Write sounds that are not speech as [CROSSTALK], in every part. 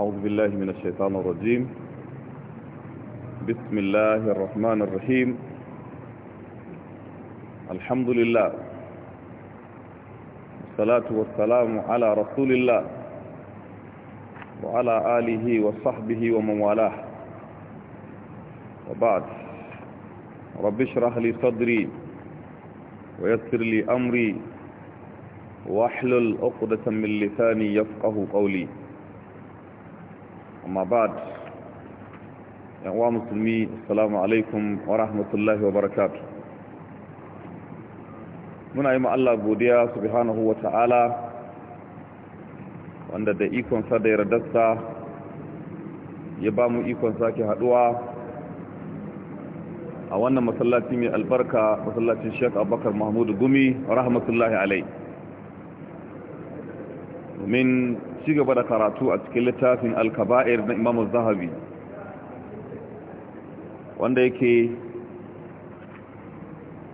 أعوذ بالله من الشيطان الرجيم بسم الله الرحمن الرحيم الحمد لله والصلاة والسلام على رسول الله وعلى آله وصحبه ومن والاه وبعد رب اشرح لي صدري ويسر لي أمري واحلل عقدة من لساني يفقه قولي amma yan uwa musulmi assalamu alaikum wa rahmatullahi wa barakatu muna yi ma'alla godiya subhanahu wa ta'ala wanda da ikonsa da yardarsa ya ba mu ikon ke haduwa a wannan masallaci mai albarka masallacin shek abubakar mahmudu gumi rahmatullahi alai domin ci gaba da karatu a cikin littafin alkaba'ir na imamu zahabi wanda yake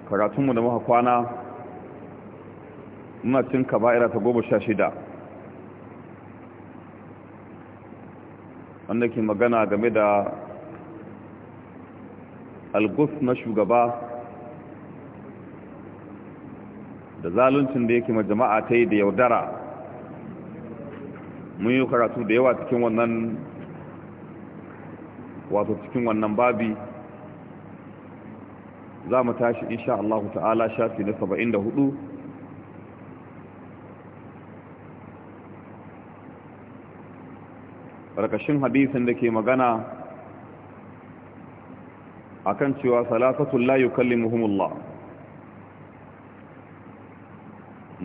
karatunmu da muka kwana muna cin kaba'ira ta goma sha shida wanda ke magana game da algus na shugaba da zaluncin da yake ma jama'a ta yi da yaudara mun yi karatu da yawa cikin wannan wato cikin wannan babi za mu tashi insha Allah ta'ala shafi na 74 rakashin hadisin da ke magana akan cewa salafatun la yukallimuhumullah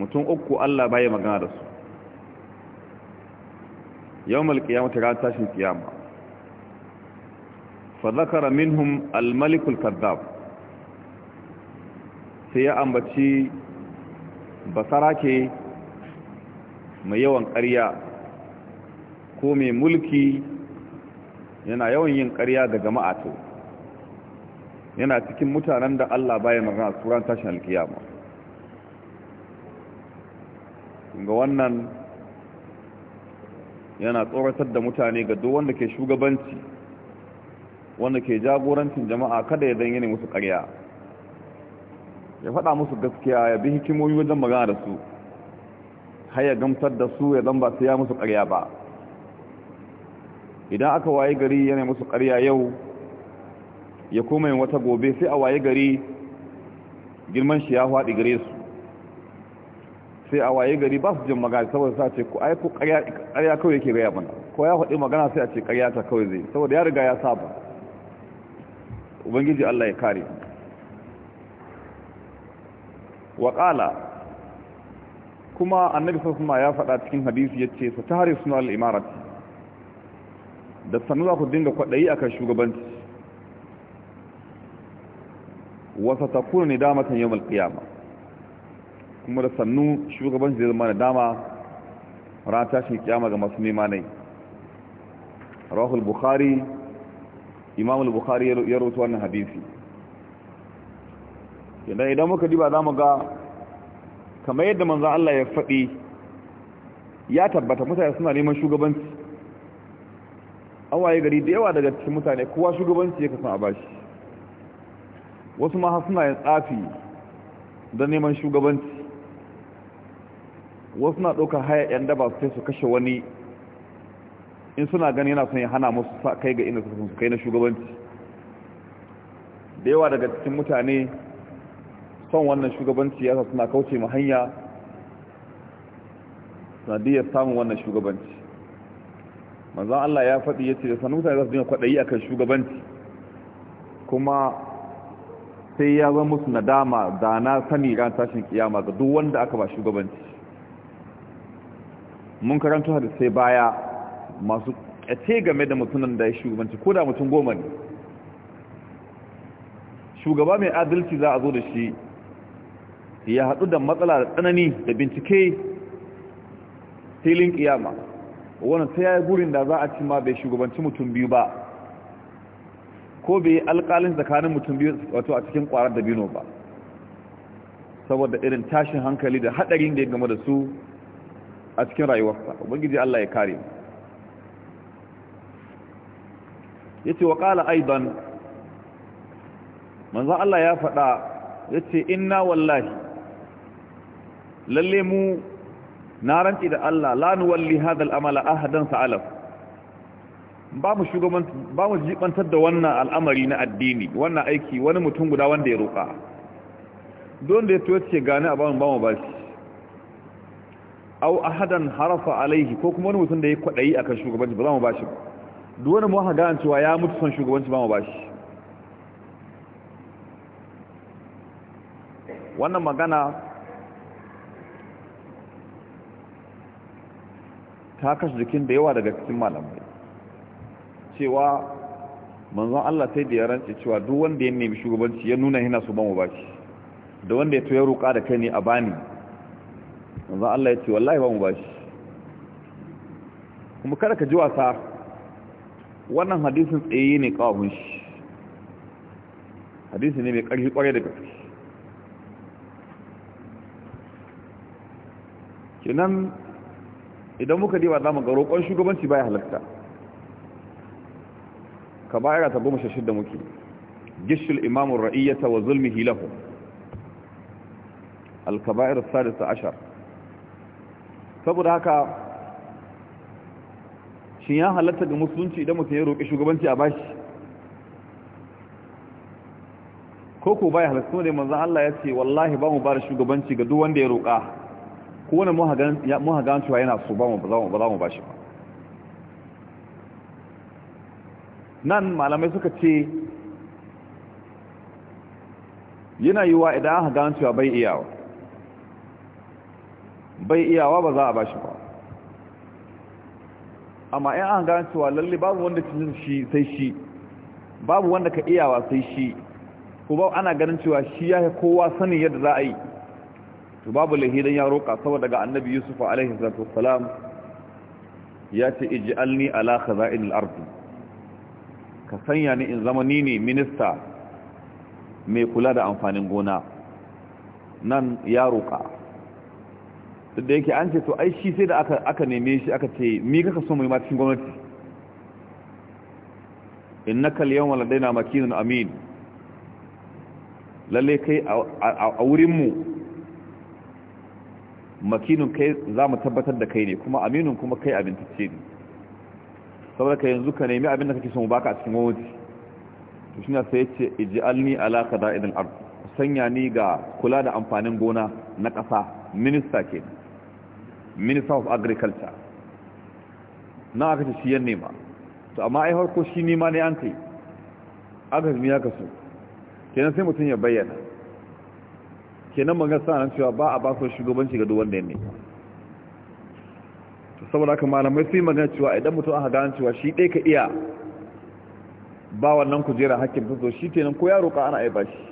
mutum uku Allah baya magana da su yawon malkiyama ta ranar tashin kiyama fa zakara minhum almalikul kazzab sai ya ambaci basarake mai yawan ƙarya ko mai mulki yana yawan yin ƙarya da jama'a to yana cikin mutanen da Allah baya magana turan tashin alkiyama ga wannan yana tsoratar da mutane ga duk wanda ke shugabanci wanda ke jagorancin jama'a kada ya zanyi ne musu ƙarya ya faɗa musu gaskiya ya bi hikimoyi wajen magana da su har ya gamsar da su ya zan ba su ya musu ƙarya ba idan aka waye gari yana musu ƙarya yau ya koma yin wata gobe sai a waye gari girman shi ya faɗi gare su sai a waye gari ba su jin magana saboda sa ce ai ko ƙarya kawai yake gaya mana ko ya faɗi magana sai a ce ƙarya ta kawai zai saboda ya riga ya saba ubangiji Allah ya kare wa qala kuma annabi sallallahu ya faɗa cikin hadisi yace sa tahri sunu al-imarat da sanu za ku dinga kwadayi akan shugabanci wa satakunu nidamatan yawm al-qiyamah kuma da sannu shugabanci zai zama da dama ran tashin kyama ga masu nema ne rahul bukhari imamul bukhari ya rutu wannan hadisi idan idan muka diba za mu ga kamar yadda manzan Allah ya faɗi ya tabbata mutane suna neman shugabanci an waye gari da yawa daga cikin mutane kowa shugabanci ya kasan a bashi wasu ma suna yin tsafi don neman shugabanci wasu na ɗauka haya 'yan daba sai su kashe wani in suna gani yana sun ya hana musu kai ga ina su kai na shugabanci da yawa daga cikin mutane son wannan shugabanci ya suna kauce ma hanya sanadiyar samun wannan shugabanci manzan Allah ya faɗi ya ce da sanu mutane za su dina kwaɗayi akan shugabanci kuma sai ya zama musu nadama da na sani ran tashin kiyama ga duk wanda aka ba shugabanci mun karanto sai baya masu kace game da mutumin da ya shugabanci ko da mutum goma ne shugaba mai adalci za a zo da shi ya haɗu da matsala da tsanani da bincike filin ƙiyama wannan ya yi gurin da za a ci ma bai shugabanci mutum biyu ba ko bai alƙalin tsakanin mutum biyu wato a cikin ƙwarar dabino ba saboda irin tashin hankali da haɗarin da ya game da su a cikin rayuwarsa ubangiji Allah ya kare mu yace wa qala aidan manzo Allah ya faɗa yace inna wallahi lalle mu na rantsi da Allah la nuwalli hadha al-amala ahadan sa'alaf ba mu shugaban ba mu jibantar da wannan al'amari na addini wannan aiki wani mutum guda wanda ya roka don da ya to yace gane a ba mu ba mu bashi aw ahadan harafa alaihi ko kuma wani mutum da ya kwadayi akan shugabanci ba za mu bashi ba duk wani muka ga cewa ya mutu son shugabanci ba mu bashi wannan magana ta kashe jikin da yawa daga cikin malamai cewa manzon Allah sai da ya rance cewa duk wanda ya nemi shugabanci ya nuna yana so ba mu bashi da wanda ya to ya roƙa da kai ne a bani manzan Allah ya ce wallahi ba mu bashi kuma kada ka ji wasa wannan hadisin tsaye ne kawun shi hadisi ne mai ƙarfi ƙwarai da gaske kinan idan muka diba za mu ga roƙon shugabanci baya halatta ka bayar ta goma da muke gishul imamun ra'iyyata wa zulmihi lahu al-kaba'ir sadisa ashar saboda haka shi ya halatta da musulunci idan mutum ya roƙi shugabanci a bashi ko ko baya halatta ne manzon Allah ya ce wallahi ba mu ba da shugabanci ga duk wanda ya roƙa ko wani mu hagan cewa yana so ba mu ba za mu ba shi ba nan malamai suka ce yana yiwa idan an gano cewa bai iyawa bai iyawa ba za a bashi ba amma in an gane cewa lalle babu wanda cikin shi sai shi babu wanda ka iyawa sai shi ko ba ana ganin cewa shi ya kowa sanin yadda za a yi to babu lahidan ya roƙa saboda ga annabi yusuf alaihi salatu wassalam ya ce ij'alni ala khaza'in al-ard ka sanya ni in zama ni ne minista mai kula da amfanin gona nan ya roƙa da yake an ce to ai shi sai da aka neme shi aka ce mi kaka so mai matashin gwamnati innaka al-yawma ladaina makinun amin lalle kai a wurinmu makinun kai za mu tabbatar da kai ne kuma aminun kuma kai tace ne saboda ka yanzu ka nemi abin da kake son baka a cikin gwamnati to shi na sai ce ij'alni ala qada'il al-ard sanya ni ga kula da amfanin gona na ƙasa minista kenan minister of agriculture na aka ce siyan nema to amma ai harko shi nema ne an kai aka zumi ya kasu kenan sai mutum ya bayyana kenan magana sa'an cewa ba a ba su shugabanci ga duwanda ya nema to saboda haka malamai sai magana cewa idan mutum aka gane cewa shi ɗaya ka iya ba wannan kujera hakkin fito shi kenan ko ya roƙa ana aiba shi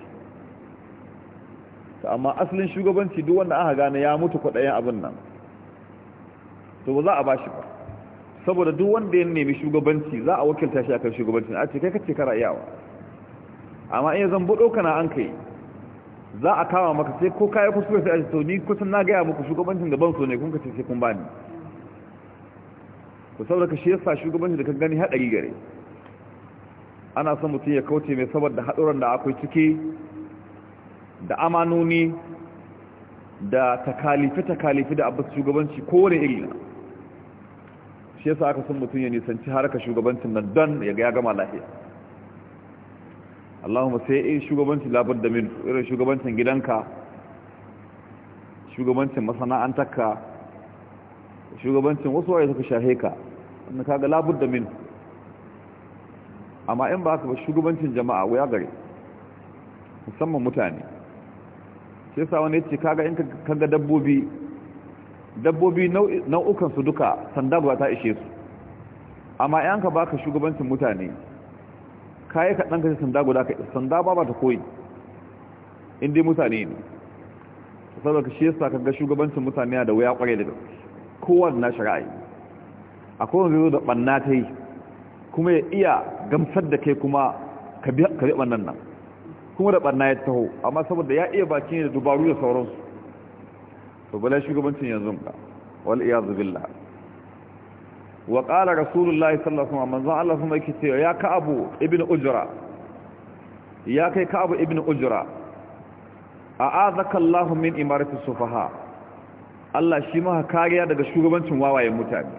amma asalin shugabanci duk wanda aka gane ya mutu kwaɗayen abin nan to ba za a bashi ba saboda duk wanda ya nemi shugabanci za a wakilta shi akan shugabancin a ce kai kace ka rayuwa amma in zan budo kana an kai za a kama maka sai ko kai kuskure sai a ce to ni kusan na ga ya muku shugabancin da ban so ne kun kace sai kun bani ku saboda ka shi yasa shugabanci da ka gani hadari gare ana son mutum ya kauce mai saboda haɗuran da akwai ciki da amanoni da takalifi-takalifi da abu shugabanci kowane iri shi yasa aka san mutum ya nisanci har ka shugabancin nan don ya ga ya gama lafiya Allahumma sai in shugabanci labar da min irin shugabancin gidanka shugabancin masana'antarka shugabancin wasu waye suka shahe ka wanda kaga labar da min amma in ba ka ba shugabancin jama'a wuya gare musamman mutane sai sa wani ya ce kaga in ga dabbobi dabbobi nau'ukan su duka sanda ba ta ishe su amma yan ka baka shugabancin mutane kai ka dan kashi sanda guda ka sanda ba ba ta koyi in dai mutane ne saboda shi yasa ga shugabancin mutane da waya kware da kowa da na shari'a akwai zai zo da banna ta yi kuma ya iya gamsar da kai kuma ka bi bannan nan kuma da banna ya taho amma saboda ya iya baki ne da dubaru da sauransu to shugabancin yanzu ka wal iyazu billah wa qala rasulullahi sallallahu alaihi wasallam manzo Allah kuma yake cewa ya ka'abu ibnu ujra ya kai ka'abu ibnu ujra a'azaka Allah min imarati sufaha Allah shi maka kariya daga shugabancin wawayen mutane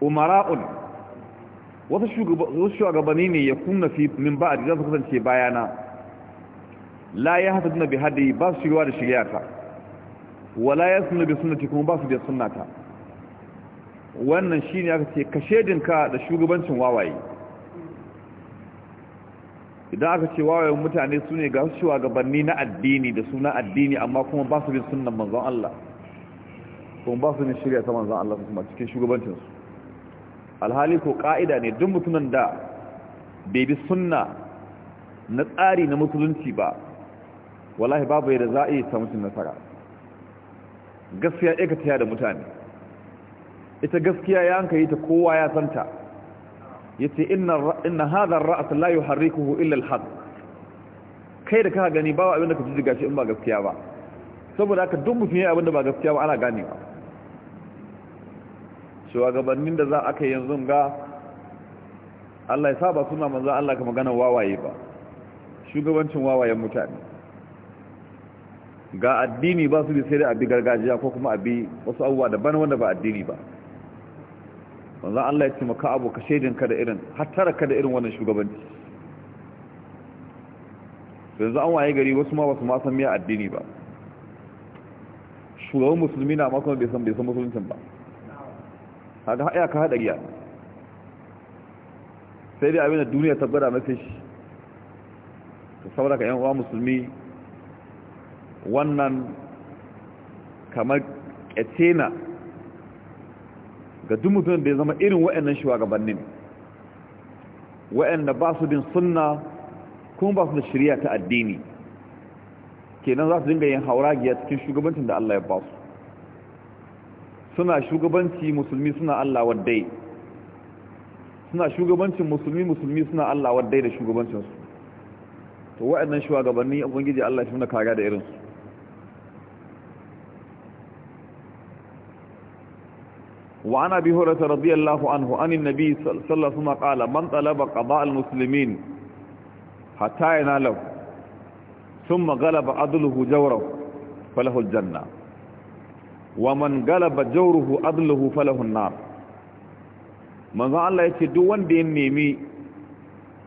umara'un wasu shugabanni ne ya kunna fi min ba'ad za su kasance bayana la ya hasa duna bi hadi ba su shigowa da shiryata wala ya suna bi suna kuma ba su suna ta wannan shine aka ce ka shedinka da shugabancin wawaye idan aka ce wawayen mutane su ne ga shuwa gabanni na addini da suna addini amma kuma ba su bi sunan manzan Allah kuma ba su ne shirya ta manzan Allah kuma cikin shugabancinsu alhali ko ka'ida ne duk mutumin da bai bi suna na tsari na musulunci ba wallahi babu yadda za a yi samun nasara gaskiya ɗaya ka taya da mutane ita gaskiya ya hanka yi ta kowa ya santa ya ce ina hadar ra'as layu harrikuhu illal had kai da ka gani bawa abinda ka ji shi in ba gaskiya ba saboda aka duk mutum ya abinda ba gaskiya ba ana ganewa shugabannin da za a kai yanzu ga Allah ya saba suna manzan Allah ka magana wawaye ba shugabancin wawayen mutane ga addini ba su bi sai da abi gargajiya ko kuma abi wasu abubuwa daban wanda ba addini ba wanzan Allah ya ce maka abu ka shaidin ka da irin hattara ka da irin wannan shugabanci yanzu an waye gari wasu ma ba su ma san miya addini ba shugaban musulmi na makon bai san bai san musuluncin ba haka haɗa ka haɗa giya sai dai abin da duniya ta gwada mafi shi ta saboda ka yan uwa musulmi wannan kamar ƙetena ga duk da ya zama irin wa'annan shugabannin wa'anda ba su bin sunna kuma ba su da shirya ta addini kenan za su dinga yin hauragiya cikin shugabancin da Allah ya ba su suna shugabanci musulmi suna Allah waddai suna shugabancin musulmi musulmi suna Allah waddai da shugabancinsu to wa'annan shugabanni ubangiji Allah shi muna kaga da irinsu وعن أبي هريرة رضي الله عنه أن النبي صلى الله عليه وسلم قال من طلب قضاء المسلمين حتى يناله ثم غلب عدله جوره فله الجنة ومن غلب جوره عدله فله النار من ذا الله يتي دو وند ينمي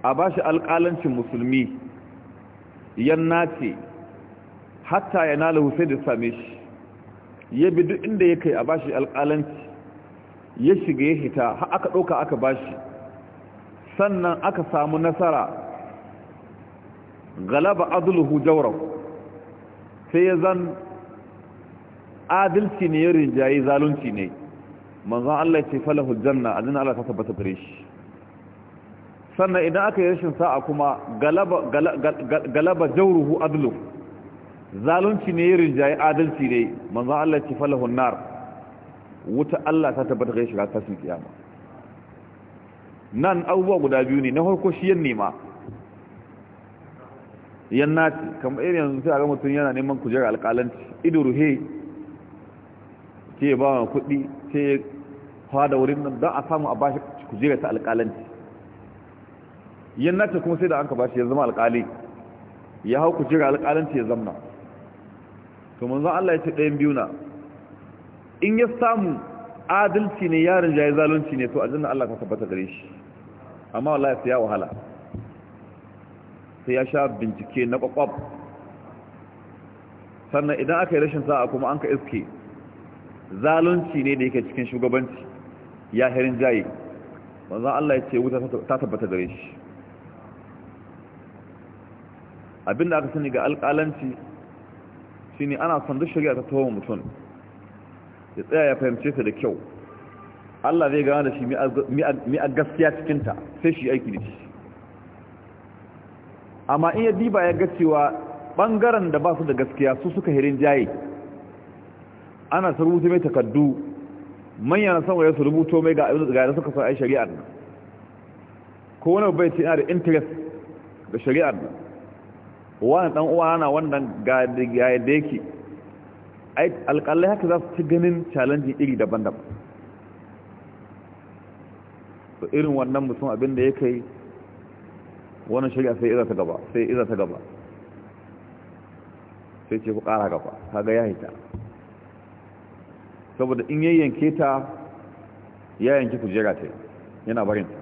أباش القالنش مسلمي يناتي حتى يناله سيد الساميش يبدو إنده يكي أباش القالنش ya shiga ya hita har aka ɗauka aka bashi sannan aka samu nasara galaba adulhu jawrah sai ya zan adalci ne ya rinjaye zalunci ne manzan Allah ce falahu janna azin Allah ta tabbata gare shi sannan idan aka yi rashin sa'a kuma galaba galaba jawruhu zalunci ne ya rinjaye adalci ne manzan Allah ce falahu nar wuta Allah ta tabbatar kai shiga tashin kiyama nan abubuwa guda biyu ne na harko shi yan nema yan nati kamar irin yanzu sai a ga mutum yana neman kujerar alƙalanci idu ruhe ke ba wa kudi ce fada wurin nan don a samu a bashi kujerar ta alƙalanci yan nati kuma sai da an ka bashi ya zama alƙali ya hau kujerar alƙalanci ya zamna Kuma zan Allah ya ce ɗayan biyu na in ya samu adalci ne yarin jayi zalunci ne to jinnan Allah ka tabbata gare shi amma wallahi sai ya wahala sai ya sha bincike na kwakwab sannan idan aka yi rashin sa'a kuma an ka iske zalunci ne da yake cikin shugabanci ya herin jayi wanzan Allah ya ce wuta ta tabbata gare shi abinda aka sani ga alƙalanci shine ana son duk shari'a ta tawo mutum ya tsaya ya fahimce ta da kyau Allah zai gana da shi mi a gaskiya cikinta sai shi aiki da shi amma in ya diba ya ga cewa ɓangaren da ba su da gaskiya su suka hirin jaye ana su rubuta mai takardu manyan san waye su rubuto mai ga da suka sa'ai shari'ar nan ko wani bai ce ina da interest ga shari'ar nan wani dan uwa na wannan ga yadda yake alƙalai haka za su ci ganin challenging iri daban-daban to irin wannan mutum abin da ya kai wani shari'a sai iza ta gaba sai iza ta gaba sai ce ku ƙara gaba kaga ya hita saboda in yayyanke ta ya yanki jira ta yana barin ta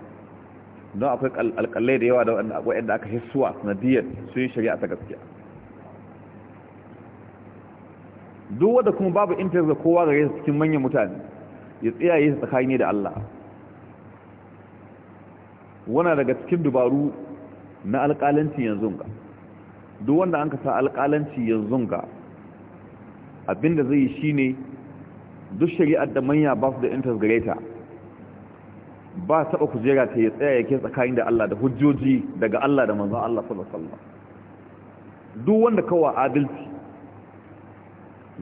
don akwai alƙalai da yawa da waɗanda aka hissuwa diyar sun yi shari'a ta gaskiya duk wanda kuma babu intar da kowa gare su cikin manyan mutane ya tsayaye su tsakani da Allah wana daga cikin dubaru na alƙalanci yanzu ga duk wanda an kasa alƙalanci yanzu ga abinda zai yi ne duk shari'ar da manya ba su da intar gare ta ba taɓa kujera ta ya tsaya yake tsakanin da Allah da hujjoji daga Allah da manzon Allah sallallahu alaihi wasallam duk wanda kawa adalci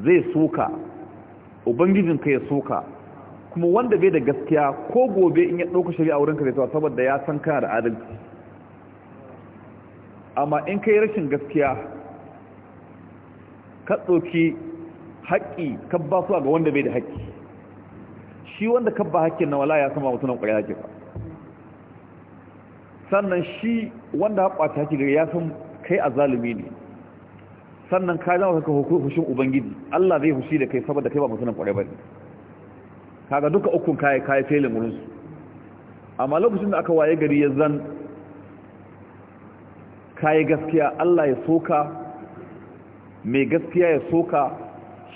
zai soka ka ya soka kuma wanda bai da gaskiya ko gobe in ya ɗauka shari'a wurinka zai tawa saboda ya san kana da adalci amma in kai rashin gaskiya ka ɗauki haƙƙi ka ba su ga wanda bai da haƙƙi shi wanda ka ba haƙƙin na wala ya sama mutunan ƙwaya haƙƙi ba sannan shi wanda haƙƙwata haƙƙi ya san kai a zalumi ne sannan ka zama ka hushin ubangiji Allah zai hushi da kai saboda kai ba mutunan kwarai ne. kaga duka ukun kai kai failin wurin su amma lokacin da aka waye gari ya zan kai gaskiya Allah ya soka mai gaskiya ya soka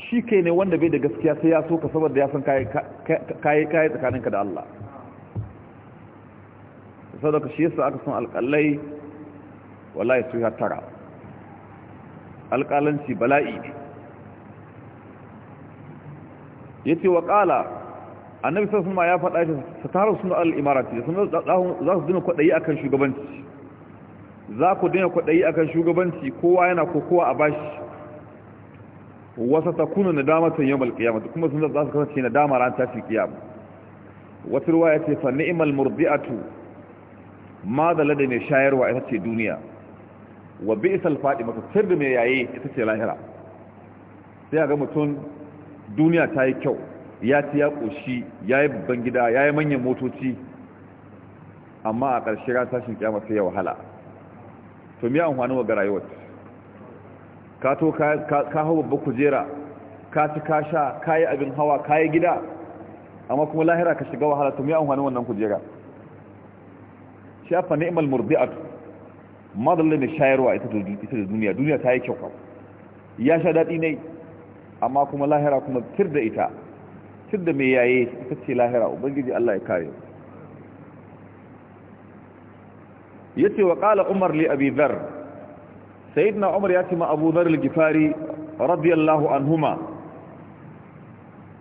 shi kai ne wanda bai da gaskiya sai ya soka saboda ya san kai kai kai tsakaninka da Allah sadaka shi yasa aka san alƙalai wallahi su ya tara alƙalanci bala'i ne ya ce wa ƙala annabi sassan ma ya faɗa shi su taru suna al'imarati da za su dina kwaɗayi akan shugabanci za ku dina kwaɗayi akan shugabanci kowa yana kokowa a bashi wasa ta kuna na damatan yau malƙiyamata kuma sun za su kasance na dama ran tashi kiyama Wasu ruwa ya ce fa ni'imal murdi'atu ma da lada ne shayarwa ita ce duniya wa bi isal faɗi mata sirri mai yayi ita ce lahira sai ga mutum duniya ta yi kyau ya ci ya ƙoshi ya yi babban gida ya yi manyan motoci amma a ƙarshe ran tashin kyama sai ya wahala to miya amfani wa ga rayuwar ka to ka hau babbar kujera ka ci ka sha ka yi abin hawa ka yi gida amma kuma lahira ka shiga wahala to miya amfani wannan kujera shafa ni'mal murdi'atu madalla mai shayarwa ita da duniya duniya ta yi kyau kawai ya sha daɗi ne amma kuma lahira kuma tir da ita tir da mai yaye ita ce lahira ubangiji Allah ya kare ya ce wa ƙala umar li abi dhar sayyidina umar ya ce ma abu dhar al-gifari radiyallahu anhuma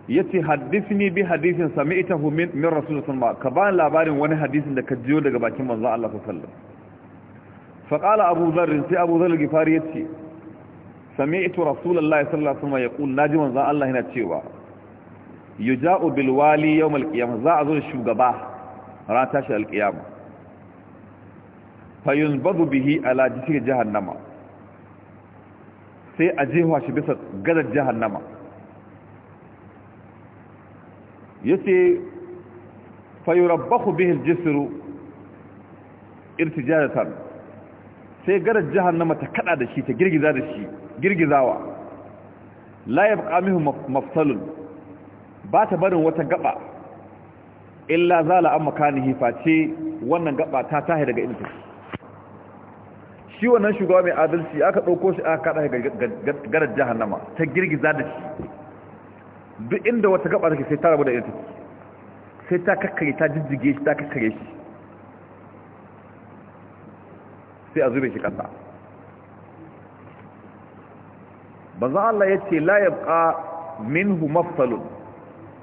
ya ce haddisni bi hadisin sami'tahu min rasulullah sallallahu alaihi wasallam ka ba labarin wani haddisin da ka jiyo daga bakin manzo Allah sallallahu alaihi faƙala abu zarrin sai abu zarrin gifari ya ce sami ito rasulallah ya sallar sama ya ƙun na ji manzan Allah yana cewa yi ja'o bilwali yau malƙiyama za a zo da shugaba ran tashi alƙiyama fayun bazu bihi ala jikin jahannama sai a jefa shi bisa gadar jahannama ya ce sai garar jahannama ta kada da shi ta girgiza da shi girgizawa la yabqa minhum mafsalun ba ta barin wata gaba illa zala an makanihi face wannan gaba ta tahi daga inda shi wannan shugaba mai adalci aka dauko shi aka kada garar jahannama ta girgiza da shi duk inda wata gaba take sai ta rabu da inda sai ta kakkare ta jijjige shi ta kakkare shi sai a zube shi kasa banzan Allah ya ce la minhu mafsalun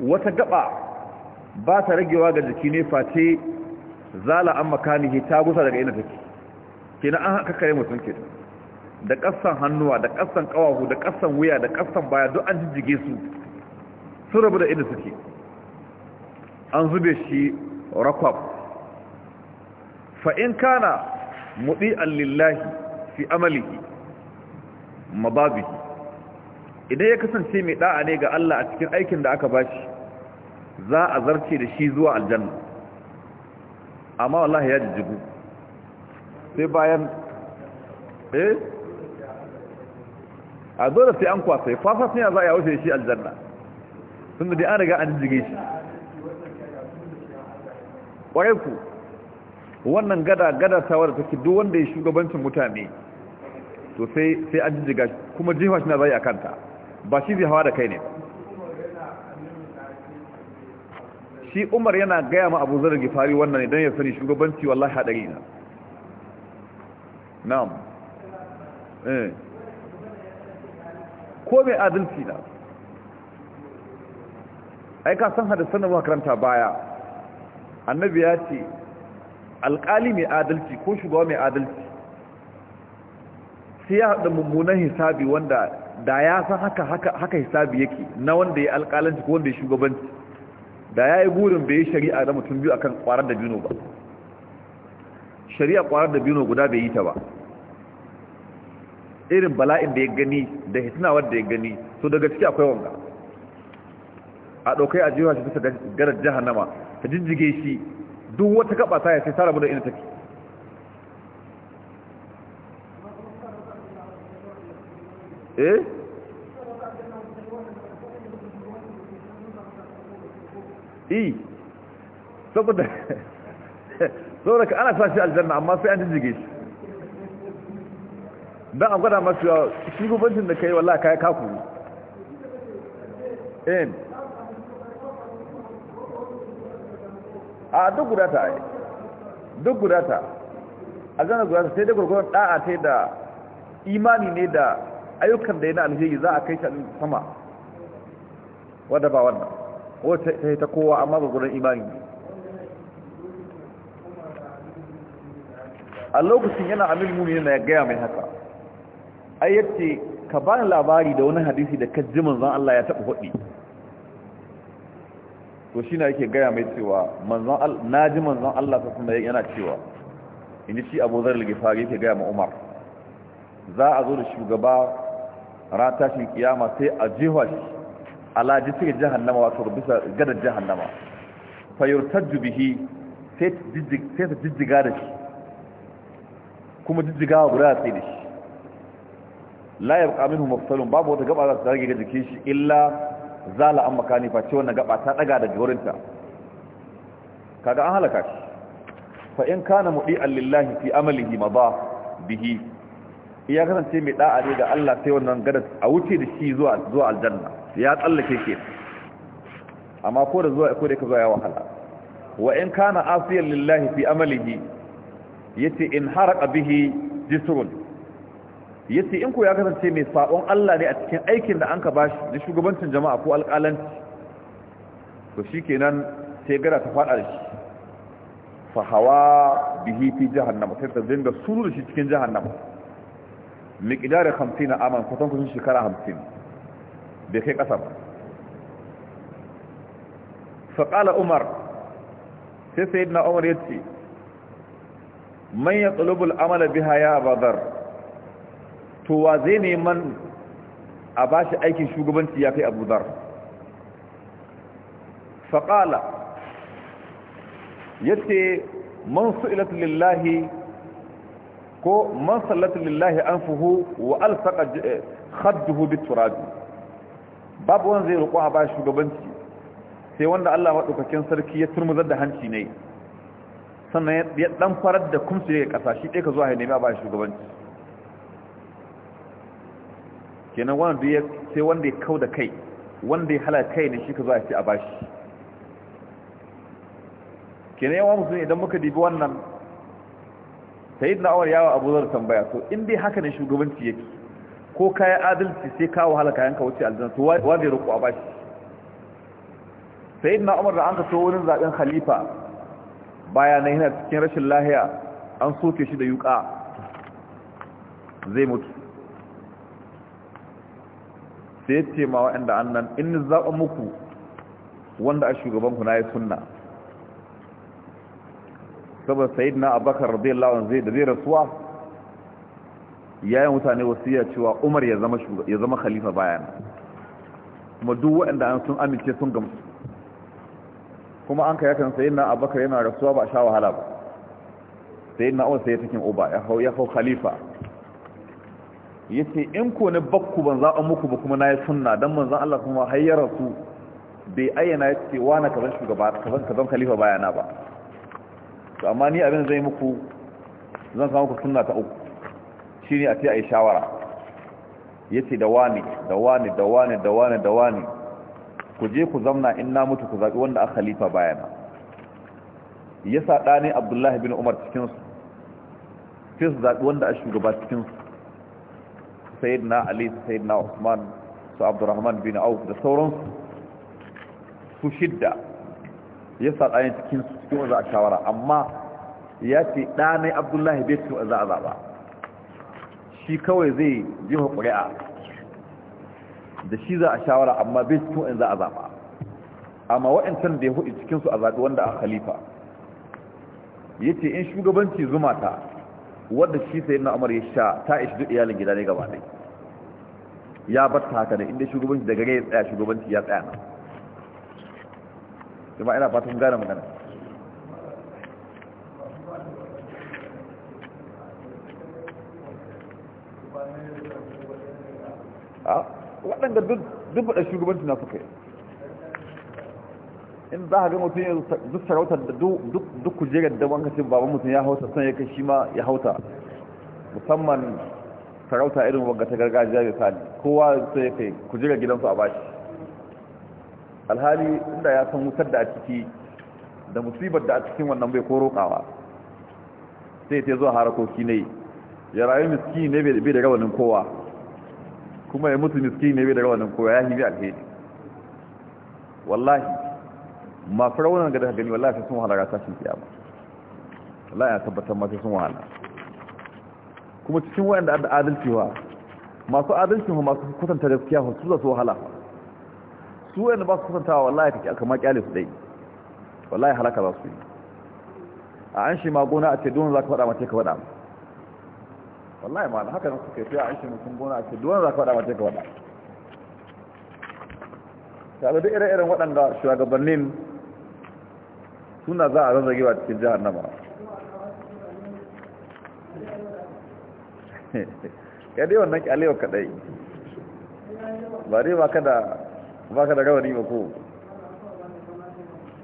wata gaba ba ta ragewa ga jiki ne face zala an makanihi ta gusa daga ina take kina an haka kare mutum ke da kasan hannuwa da kasan kawahu da kasan wuya da kasan baya duk an jijjige su su rabu da inda suke an zube shi rakwab fa in kana mudi'an lillahi fi amalihi mababi idan ya kasance mai da'a ne ga Allah a cikin aikin da aka bashi za a zarce da shi zuwa aljanna amma wallahi ya jijjigu sai bayan eh a dole sai an kwasa fasa sun ya za a wuce shi aljanna sun da dai an riga an jijjige shi ƙwarai ku wannan gada gada ta wadda take duk wanda ya shugabancin mutane to sai sai an jijiga kuma jiha shi na zai a kanta ba shi zai hawa da kai ne shi umar yana gaya ma abu zarar gifari wannan idan ya sani shugabanci wallahi haɗari na na'am eh. ko mai adalci na ai ka san hada da karanta baya annabi ya ce alƙali mai adalci ko shugaba mai adalci sai ya haɗa mummunan hisabi wanda da ya san haka haka hisabi yake na wanda ya alƙalanci ko wanda ya shugabanci da ya yi burin bai yi shari'a da mutum biyu akan kwarar da bino ba shari'a kwarar da bino guda bai yi ta ba irin bala'in da ya gani da hitina wadda ya gani so daga ciki akwai wanga a ɗaukai a jiwa shi bisa garar jahannama ta jijjige shi duk wata gaba ta ya ta rabu da ina take eh eh saboda [LAUGHS] saboda ka ana tashi aljanna amma sai an jijjige shi Dan an gwada masu yawa shi gubancin da ka yi wallah ka yi kaku a duk guda ta ai duk guda ta zanen guda ta sai da gurgurun da'a ta da imani ne da ayyukan da yana alheri za a kai ta sama wadda ba wannan wata ta ta kowa amma gurgurun imani ne a lokacin yana amin mumini na ya gaya mai haka ai yace ka bani labari da wani hadisi da kajjiman zan Allah ya taɓa hudu to shi na yake gaya mai cewa na ji manzon Allah ta kuma yana cewa in ji shi abu zarar gifari yake gaya ma umar za a zo da shugaba ran tashin kiyama sai a jefa shi ala jisir jahannama wato bisa gadar jahannama ta bihi sai ta jijjiga da shi kuma jijjiga wa guda sai da shi la yabqa minhu babu wata gaba za ta rage ga jikin shi illa zala an makani face wannan gaba ta daga daga wurinta kaga an halaka shi fa in kana mudi'an lillahi fi amalihi madha bihi ya kasance mai da'a ne ga Allah sai wannan gada a wuce da shi zuwa zuwa aljanna ya tsallake ke amma ko da zuwa ko da ka zuwa ya wahala wa in kana asiyan lillahi fi amalihi yace in haraka bihi jisrun Ya ce in ko ya kasance mai sabon Allah ne a cikin aikin da an anka bashi da shugabancin jama'a ko alƙalanci to shikenan sai gara ta faɗa da shi fa hawa bihi fi jahannama sai ta dinga suru da shi cikin jahannama miqdar na aman kusan kusan shekara 50 bai kai kasa ba fa umar sai sayyidina umar yace man yatlubu al-amala biha ya abadar to wa zai neman a ba shi aikin shugabanci ya kai abu zar faƙala ya ce man su'ilatu lillahi ko man lillahi an fuhu wa alfaka eh, khadduhu biturabi babu wanda zai roƙo a ba shugabanci sai wanda Allah maɗaukakin sarki ya turmuzar da hanci ne sannan ya ɗan farar da kumsu ya ƙasa shi ɗaya ka zuwa ya nemi a ba shugabanci kenan wanda ya sai wanda ya kau da kai wanda ya hala kai ne shi ka za a ce a bashi kenan yawan musulmi idan muka dibi wannan sayid na awar yawa abu zar tambaya to in dai haka ne shugabanci yake ko kaya adalci sai kawo hala kayan ka wuce aljanna to wanda ya roƙo a bashi sayid na umar da an ka so wurin zaɓen khalifa baya na yana cikin rashin lahiya an soke shi da yuƙa zai mutu sai ya ce ma waɗanda annan in zaɓa muku wanda a shugabanku na yi suna saboda sayid na abakar radiyallahu zai da zai rasuwa ya yi mutane wasiya cewa umar ya zama khalifa bayan kuma duk waɗanda an sun amince sun gamsu kuma an kai yakan sayid na abakar yana rasuwa ba a sha wahala ba sayid na awon sai ya cikin uba ya hau khalifa ya ce in ko ni bakku ban za'a muku ba kuma na yi sunna don manzan Allah kuma hayyara su bai ayyana ya ce wa na kazan shugaba kazan khalifa bayana ba to amma ni abin zai muku zan samu ku sunna ta uku shine a ce a yi shawara ya ce da wani da wani da wani da wani da wani ku je ku zamna in na mutu ku zaɓi wanda a khalifa bayana ya sa ɗane abdullahi bin umar cikinsu sai su zaɓi wanda a shugaba cikinsu sayyidina ali sayyidina usman su abdurrahman bin auf da sauransu su shidda ya sa ɗayan cikin su cikin wanzu a shawara amma ya ce ɗanai abdullahi bai cikin wanzu a zaɓa shi kawai zai haƙuri ƙuri'a da shi za a shawara amma bai cikin wanzu a zaɓa amma waɗancan da ya hudu cikinsu a zaɓi wanda a khalifa ya ce in shugabanci zumata wadda shi sai na umar ya sha ta ishi duk iyalin gida ne gaba ɗai ya bar ta haka ne inda shugabanci daga gare ya tsaya shugabanci ya tsaya na ina fatan gane magana waɗanda duk baɗa shugabanci na suka yi in za ka ga mutum ya duk sarautar da duk kujerar da wanka ce babban mutum ya hauta son ya kai shi ma ya hauta musamman sarauta irin wagga ta gargajiya sani kowa sai ya kai kujerar gidansu a bashi alhali inda ya san wutar da a ciki da musibar da a cikin wannan bai ko roƙawa sai ta zuwa harakoki ne ya rayu miski ne bai da rawanin kowa kuma ya mutu miski ne bai da rawanin kowa ya hibi alheri wallahi masu raunin ga daga gani wallahi sai sun wahala ga tashin kiyama wallahi ya tabbatar ma sai sun wahala kuma cikin wayanda da adalci wa masu adalci ma masu da gaskiya su za su wahala su wayanda ba su wa wallahi kake aka makyale su dai wallahi halaka za su yi a an shi magona a ce don za ka faɗa mace ka faɗa wallahi ma haka nan suka yi a an shi mutum gona a ce don za ka faɗa mace ka faɗa ta da ire-iren waɗanda shugabannin suna za a ba cikin jihar nama ya dai wannan kyalewa kadai ba dai ba ka da ba ka ba ko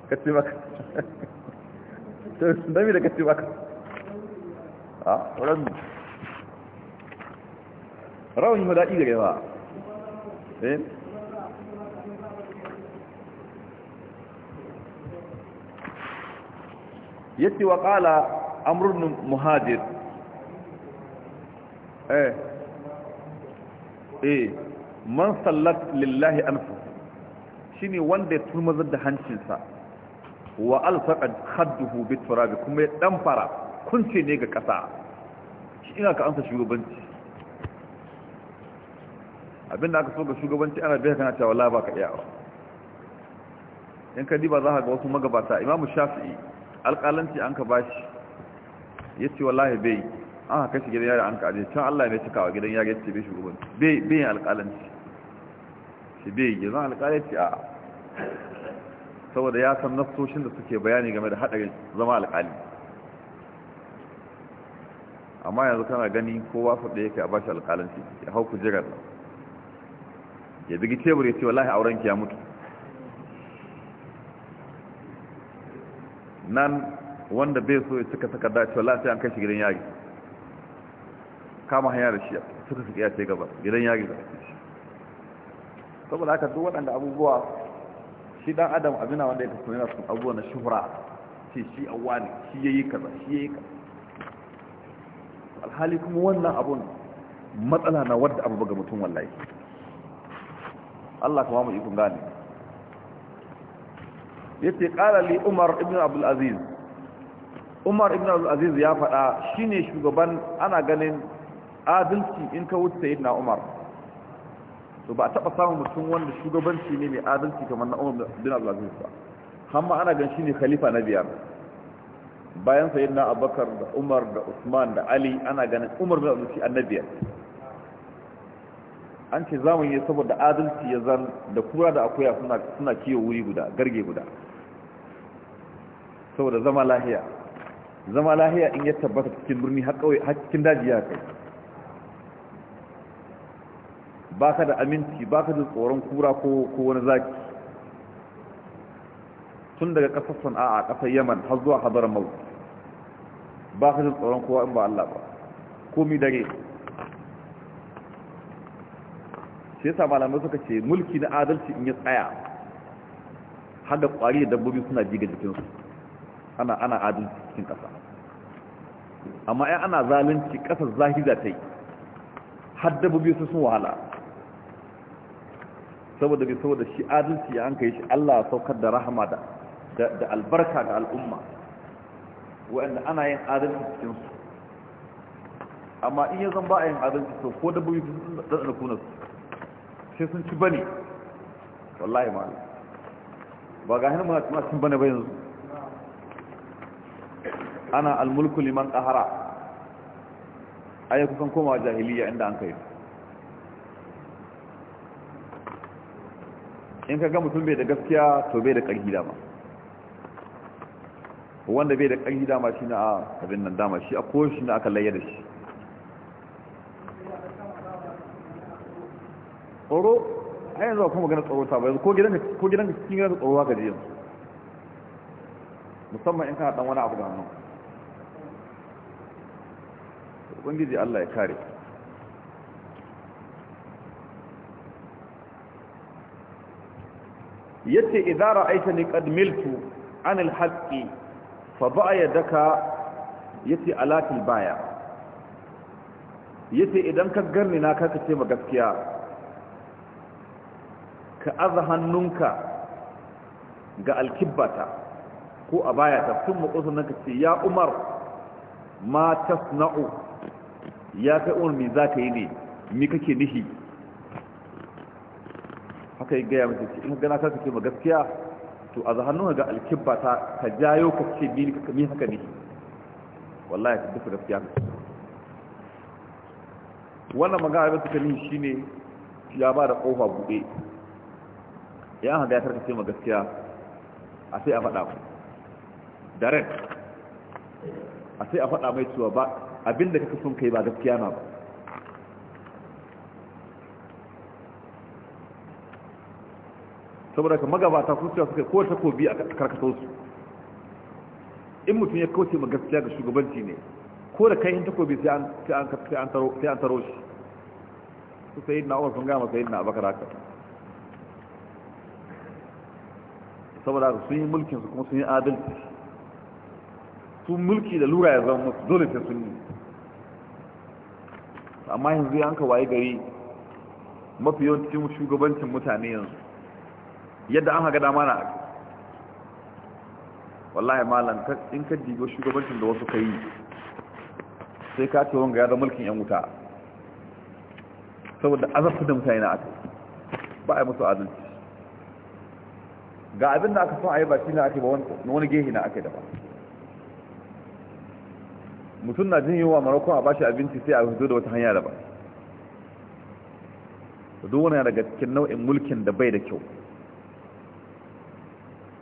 ka ba ka [LAUGHS] da ka ba ka a rawani rawani ma daɗi da gaba eh? yace wa qala amr muhajir eh eh man sallat lillahi anfu shine wanda ya turmazar da hancinsa wa alfaqa khadduhu bi turab kuma ya danfara kunce ne ga kasa shi ina ka amsa shugabanci abinda aka so ga shugabanci ana bai kana cewa wallahi baka iya in ka diba za ka ga wasu magabata imamu shafi'i alƙalanci an ka bashi ya ce wallahi bai an haka shi gidan yari an ka ajiye can allah cika wa gidan yari ya ce bai shugaban bai yin alƙalanci shi bai yi zan alƙalanci a saboda ya san nasoshin da suke bayani game da haɗarin zama alƙali amma yanzu kana gani kowa su ɗaya ka a bashi alƙalanci ya hau kujerar ya bigi tebur ya ce wallahi aurenki ya mutu nan wanda bai so ya cika takarda cewa lafiya an kai shi gidan yari kama hanya da shi suka suke ya ce gaba gidan yari da shi saboda haka duk waɗanda abubuwa shi dan adam abina wanda ya kasu yana sun abubuwa na shuhura ce shi awa ne shi ya yi kaza shi ya yi kaza alhali kuma wannan abun matsala na wadda abu ga mutum wallahi Allah kuma mu ikon gane yace qala li umar ibn abdulaziz umar ibn abdulaziz ya faɗa shi ne shugaban ana ganin adalci in ka wuce sayyidina umar to ba a taɓa samun mutum wanda shugabanci ne mai adalci kamar na umar Ibn abdulaziz ba hamma ana gan shi ne khalifa na biyar bayan sayin na abakar da umar da usman da ali ana ganin umar ibn abdulaziz biyar. an ce zamani ne saboda adalci ya zan da kura da akuya suna kiyo wuri guda garge guda saboda zama lahiya zama lahiya in ya tabbata cikin birni har cikin daji ya kai ba ka da aminci ba ka da tsoron kura ko wani zaki tun daga ƙasar sana'a a ƙasar yaman har zuwa hadarar mawu ba ka da tsoron kowa in ba Allah ba komi dare shi yasa malamai suka ce mulki na adalci in ya tsaya har da ƙwari da dabbobi suna jiga jikinsu ana ana adalci cikin ƙasa amma ya ana zalunci ƙasar zahiza ta yi haddabobi su sun wahala saboda bai saboda shi adalci ya an kai shi Allah saukar da rahama da da albarka ga al'umma wa'anda ana yin adalci cikin su amma in ya zan ba a yin adalci to ko dabbobi sun daɗa kunan su sai sun ci bane wallahi ma'ala ba ga hannun ma sun bane ba yanzu ana almulku liman qahara ayi kusan komawa jahiliya inda an kai in ka ga mutum bai da gaskiya to bai da ƙarfi dama wanda bai da ƙarfi dama shi na abin nan dama shi a koshi na aka layyada da shi tsoro a yanzu kuma gana tsoro ta bayan ko gidan ka cikin gina tsoro haka jiyansu musamman in kana dan wani abu da hannu ubangiji Allah ya kare yace idza ra'aitani qad miltu an al fa ba'a yadaka yace alatil baya yace idan ka ganni na ka kace ma gaskiya ka azhannunka ga alkibata ko a baya ta sun makosu nan kace ce ya umar ma tasna'u ya kai umar me za ka yi ne me kake nihi haka ya gaya mace ce in gana ka ce ma gaskiya to a zahannu ga alkibba ta ka jayo ka ce ni haka ne? wallahi ta duka gaskiya wannan magana ba suka nihi shine ya ba da kofa buɗe ya haga ya ce ma gaskiya a sai a faɗa ku direct a sai a faɗa mai cewa ba abinda kaka sun kai ba gaskiya na ba saboda ka magabata sun cewa suka ko takobi a karkato su in mutum ya kauce ma gaskiya ga shugabanci ne ko da kayan takobi sai an taro shi su sayi na umar sun gama sayi na abakar haka saboda sun yi mulkin su kuma sun yi adalci su mulki da lura ya zama musu dole ta sun yi amma yanzu ya hanka waye gari mafi yawancin shugabancin mutane yanzu yadda an haga dama na wallahi malam in ka jigo shugabancin da wasu ka yi sai ka ce wanga ya zama mulkin yan wuta saboda azabta da mutane na aka ba a yi musu adalci ga abin da aka son a yi ba shi na ake ba wani gehe na ake da ba mutum na jin yunwa marakon a bashi abinci sai a fito da wata hanya da duk wani daga cikin nau'in mulkin da bai da kyau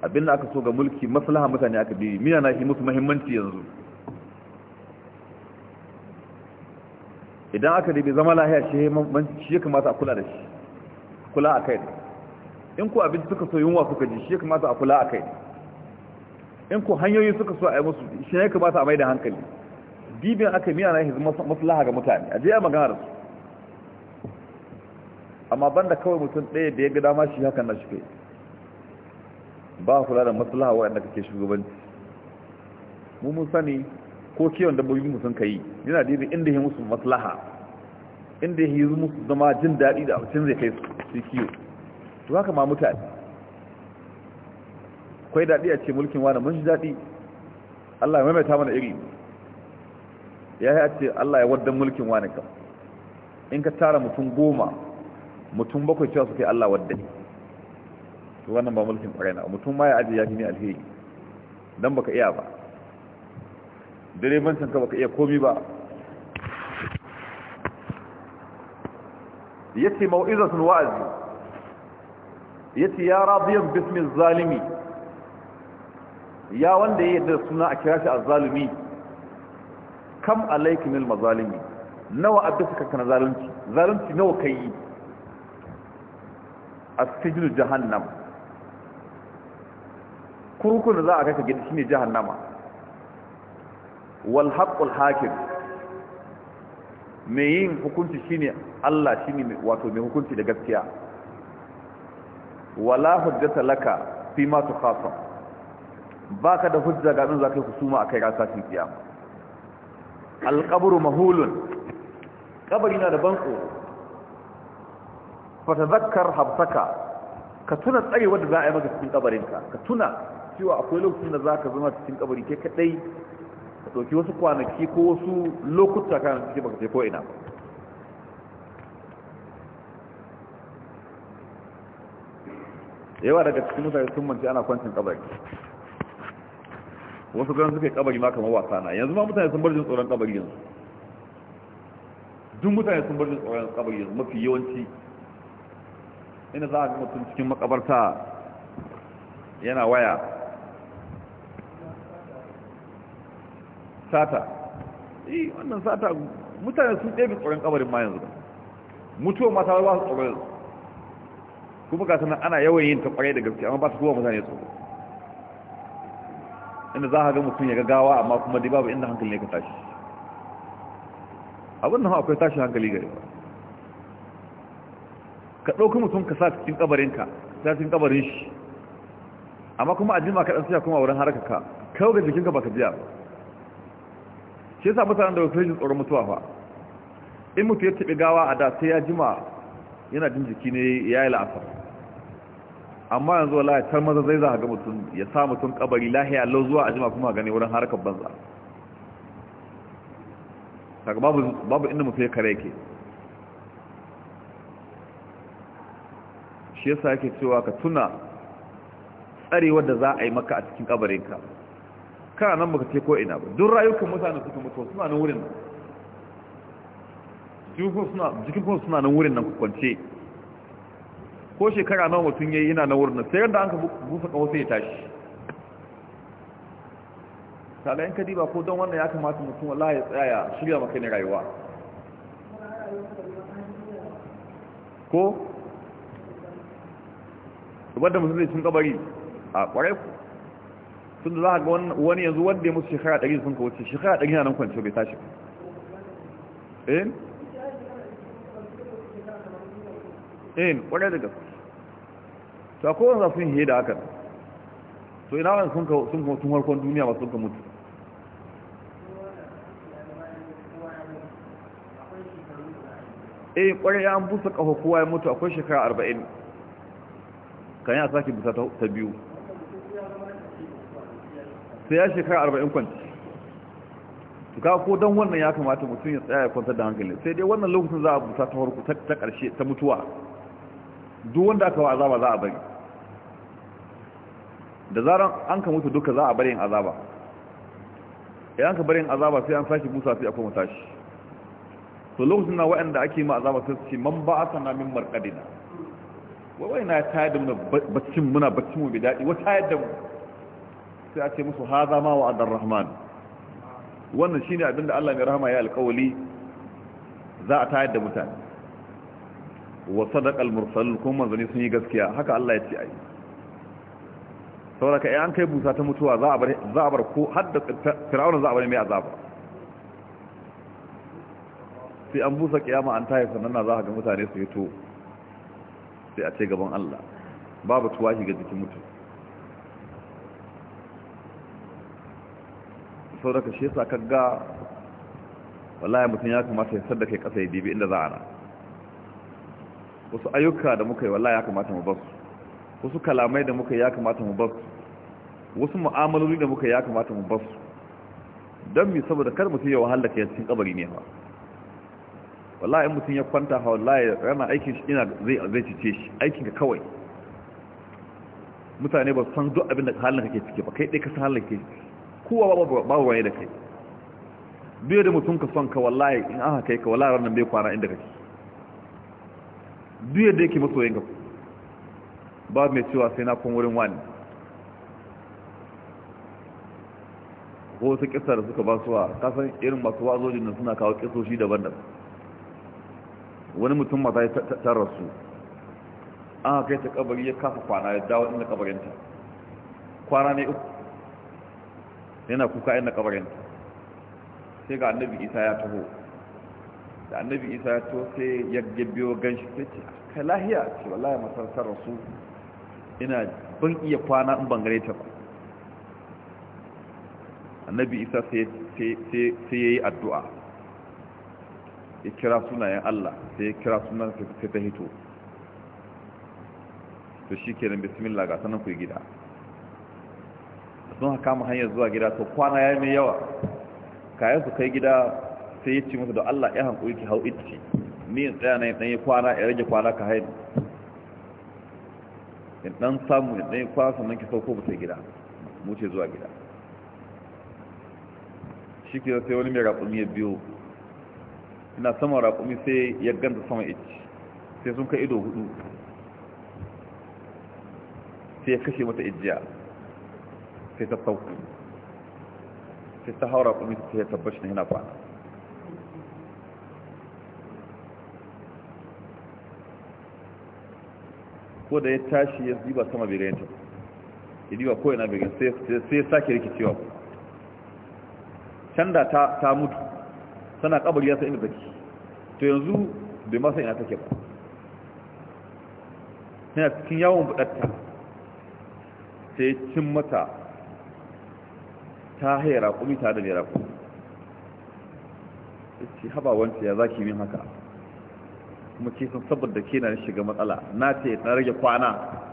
abin da aka so ga mulki maslaha mutane aka biyu mina na shi musu mahimmanci yanzu idan aka dabi zama lahiya shi ya kamata a kula da shi kula a kai in ku abinci suka so yunwa suka ji shi ya kamata a kula a kai in ku hanyoyi suka so a yi musu shi ya kamata a mai da hankali dibin aka miya na yi maslaha ga mutane a jiya magana da su amma banda kawai mutum ɗaya da ya ga dama shi hakan na shiga ba a kula da maslaha waɗanda kake shugabanci mu mun sani ko kiyon dabbobi mu sun kai yana dibin inda ya musu maslaha inda ya yi musu zama jin daɗi da abincin zai kai su kiyo to haka ma mutane kwai daɗi a ce mulkin wani mun shi daɗi Allah ya maimaita mana iri ya yi ce Allah ya wadda mulkin wani kam in ka tara mutum goma mutum bakwai cewa suke Allah wadda ne to wannan ba mulkin kwarai na mutum ma ya ajiye ya fi ne alheri don baka iya ba direbancin ka baka iya komi ba ya ce sun wa'azi ya ce ya rabiyan bismin zalimi ya wanda ya da suna a kira shi a zalimi kam alayka min mazalimi nawa abdaka kana zalunci zalunci nawa kai A sijnu jahannam kurkun za a kaka gidi shine jahannama wal haqqul hakim mai yin hukunci shine Allah shi ne wato mai hukunci da gaskiya wala hujjata laka fi ma tukhasam baka da hujja ga nan za ka yi kusuma a kai satin kiyama alƙabru mahulun ƙabari na da ban fata zakar hafsaka ka tuna tsarewar wadda za a yi maka cikin ƙabarinka ka tuna cewa akwai lokacin da za ka zama cikin ƙabari ke kaɗai ka ɗauki wasu kwanaki ko wasu lokuta kan cikin baka ce ko ina ba yawa daga cikin mutane sun manci ana kwancin ƙabari wasu ganin suka yi kabari ma kamar wasa na yanzu ma mutane sun bar jin tsoron kabari yanzu duk mutane sun bar jin tsoron kabari yanzu mafi yawanci ina za a ga mutum cikin makabarta yana waya sata yi eh, wannan sata mutane sun ɗebe tsoron kabarin ma yanzu mutuwa mata ba su tsoron kuma ga sanar ana yawan yin ta kwarai da gaske amma ba su kowa mutane tsoron inda za a ga mutum ya gagawa amma kuma dai babu inda hankali ne ka tashi abin nan akwai tashi hankali gari ba ka ɗauki mutum ka sa cikin kabarinka sa cikin kabarin shi amma kuma ajima ka ɗan siya kuma wurin haraka ka kawo ga jikinka ba ka biya ba shi yasa mutanen da wasu rajin tsoron mutuwa fa in mutu ya taɓi gawa a da sai ya jima yana jin jiki ne ya yi la'asar amma yanzu wala tar maza zai za ga mutum ya sa mutum kabari lahiya Allah zuwa ajima kuma gani wurin harkar banza kaga babu babu inda mutum ya kare ke. shi yasa yake cewa ka tuna tsarewar da za a yi maka a cikin kabarinka kana nan baka ce ko ina ba duk rayukan mutane suka mutu suna nan wurin nan jikin kuma suna nan wurin nan kwanci ko shekara nan mutum yayi yana na wurin sai yanda an ka busa kawo sai ya tashi sala kadi ba ko don wannan ya kamata mutum wallahi ya tsaya shirya maka ne rayuwa ko wadda mutum zai cin kabari a kwarai ku tun da za a ga wani yanzu wadda ya musu shekara ɗari sun ka wuce shekara ɗari na nan kwanci bai tashi in in eh? kwarai eh, da gaske ta akwai za sun yi da haka to ina wani sun kawo tun harkon duniya ba sun ka mutu eh kwarai an busa kafa kowa ya mutu akwai shekara arba'in kan yi a sake busa ta biyu sai ya shekara arba'in kwanci tuka ko don wannan ya kamata mutum ya tsaya ya kwantar da hankali sai dai wannan lokacin za a busa ta harku ta ƙarshe ta mutuwa duk wanda aka wa azaba za a bari da zaran an ka mutu duka za a bari yin azaba idan ka bari yin azaba sai an sashi busa sai a kuma tashi to lokacin na waɗanda ake ma azaba sai su ce man ba a sana min marƙadina wai na tayar da muna baccin muna baccin mu bi daɗi wata tayar da mu sai a ce musu haza ma wa adar rahman wannan shine abin da Allah mai rahama ya alƙawali za a tayar da mutane wa sadaqal mursal kuma manzanni sun yi gaskiya haka Allah ya ce a yi. saboda ka an kai busa ta mutuwa za a bar ko hadda firawuna za a bar mai azaba sai an busa kiyama an ta sannan na za a ga mutane su yi to sai a ce gaban Allah babu shi ga jikin mutum saboda ka shi yasa kaga wallahi mutum ya kamata ya sadda kai kasa ya dibi inda za a na wasu ayyuka da muka yi wallahi ya kamata mu basu wasu kalamai da muka yi ya kamata mu basu wasu mu'amaloli da muka ya kamata mu basu don mi saboda kar mutum ya wahala ka cikin kabari ne fa wallahi in mutum ya kwanta fa wallahi rana aikin shi ina zai zai cice shi aikin ka kawai mutane ba san duk abin da halin kake ciki ba kai dai ka san halin kake kowa babu babu wani da kai duk da mutum ka son ka wallahi in aka kai ka wallahi ranan bai kwana inda kake duk da yake masoyin ka ba mai cewa sai na kun wurin wani ko wasu kisa da suka ba suwa kasan irin masu wazojin nan suna kawo kisoshi daban-daban wani mutum mata ya tattara su an haka ta kabari ya kafa kwana ya dawo inda kabarinta kwana ne uku yana kuka inda kabarinta sai ga annabi isa ya taho da annabi isa ya taho sai ya gabbiyo gan shi sai ce kai lahiya ce wallahi masarautar rasu ina ban iya kwana in bangare ta ku annabi isa sai ya yi addu'a ya kira sunayen Allah sai ya kira sunan sai ta hito to shi kenan bismillah ga sanan ku gida sun haka mu hanyar zuwa gida to kwana ya yi mai yawa kayan su kai gida sai ya ci musu da Allah ya hankuri ki hau itci ni in tsaya na ya ɗanyi kwana ya rage kwana ka haini in ɗan samu ya ɗanyi kwana sannan ki sauko ba gida mu ce zuwa gida shi ke sai wani mai raƙumi ya biyo ina sama raƙumi sai ya ganta sama ici sai sun ka ido hudu sai ya kashe mata ijiya sai ta sauku sai ta haura kuma ta ya tabbashi na yana kwana ko da ya tashi ya ziba sama begayenta ya diba ko yana begayenta sai ya sake rikicewa ku canda ta ta mutu tana kabari ya san inda take to yanzu bai ma san ina take ba yana cikin yawon budatta sai cin mata ta haira kuma ta da ne rakumi ce haba wancan ya zaki min haka kuma ke san saboda ke na shiga matsala na ce na rage kwana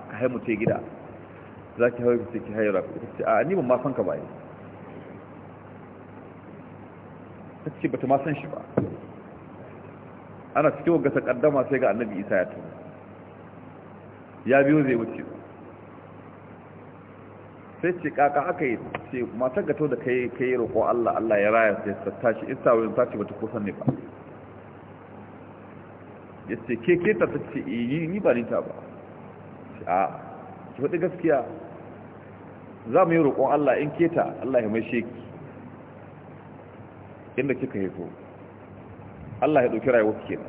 ka haimu ce gida za ki haifu ce ki haira ku ce a ni ban ma san ka ba yi ta ce bata ma san shi ba ana cikin wagga ta kaddama sai ga annabi isa ya tuno ya biyo zai wuce sai ce kaka aka yi ce matar gato da kai kai roƙo Allah Allah ya raya sai ta tashi isa wurin ta ce bata kusan ne ba ya ce ke ke ta ta ce eh, ni ba ni ta ba a ki faɗi gaskiya za mu yi roƙon Allah in keta Allah ya mai sheki inda kika haifo Allah ya ɗauki rayuwar kike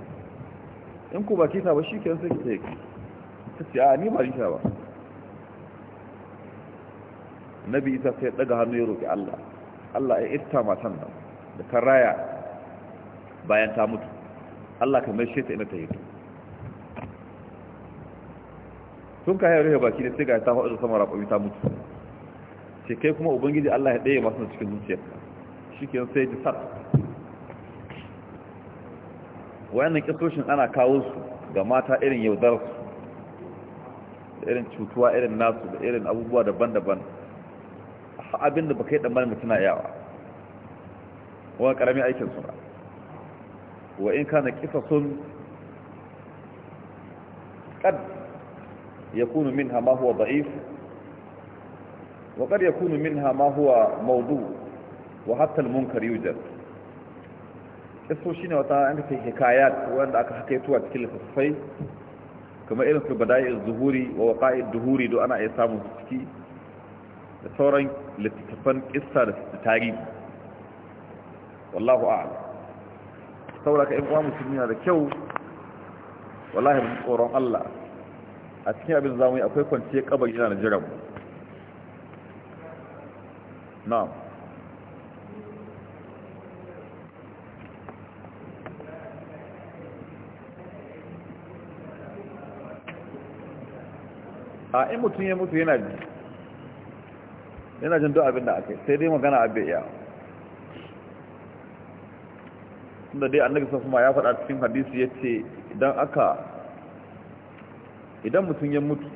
in ku ba kisa ba shi ke sai kike yake sai ce a ni ba kisa ba nabi isa sai daga hannu ya roƙi Allah Allah ya ita matan nan da kan raya bayan ta mutu Allah kamar shi ta ina ta hito sun ka hayar baki da sai ga ta faɗi sama raɓaɓi ta mutu ce kai kuma ubangiji Allah ya ɗaya masu cikin zuciyarka shikin sai ji sat kisoshin ana kawo su ga mata irin yaudar su irin cutuwa irin nasu da irin abubuwa daban-daban abin da baka yi damar mutuna yawa wani karamin aikin suna wa in kana kisasun kad kunu minha ma huwa da'if wa kad kunu minha ma huwa mawdu' wa hatta al-munkar yujad shi ne wata an ta hikayat wanda aka hakaito a cikin littattafai kamar irin su bada'iz zuhuri wa waqa'i duhuri do ana iya samun ciki da sauran littattafan kissa da tarihi wallahu saboda ka in uwa musulmi na da kyau wallahi Allah a cikin abin zamu akwai kwanciyar kabari yana da jiran a in mutum ya mutu yana ji yana jin duk abin da aka sai dai magana abin ya tunda dai annabi sun kuma ya faɗa cikin hadisi ya ce idan aka idan mutum ya mutu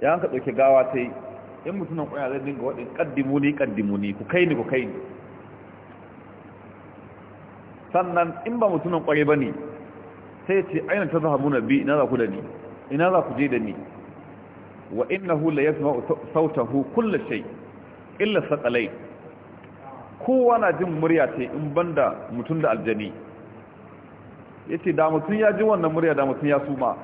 ya hanka ɗauke gawa ta yi in mutunan ƙwaya zai dinga waɗin ƙaddimu ni ƙaddimu ni ku kai ni ku kai ni sannan in ba mutunan ƙwaye ba ne sai ce aina ta zahabu na bi ina za ku da ni ina za ku je da ni wa innahu la yasma'u sautahu kullu shay illa saqalay kowa na jin murya ce in banda mutum da aljani yace da mutum ya ji wannan murya da mutum ya suma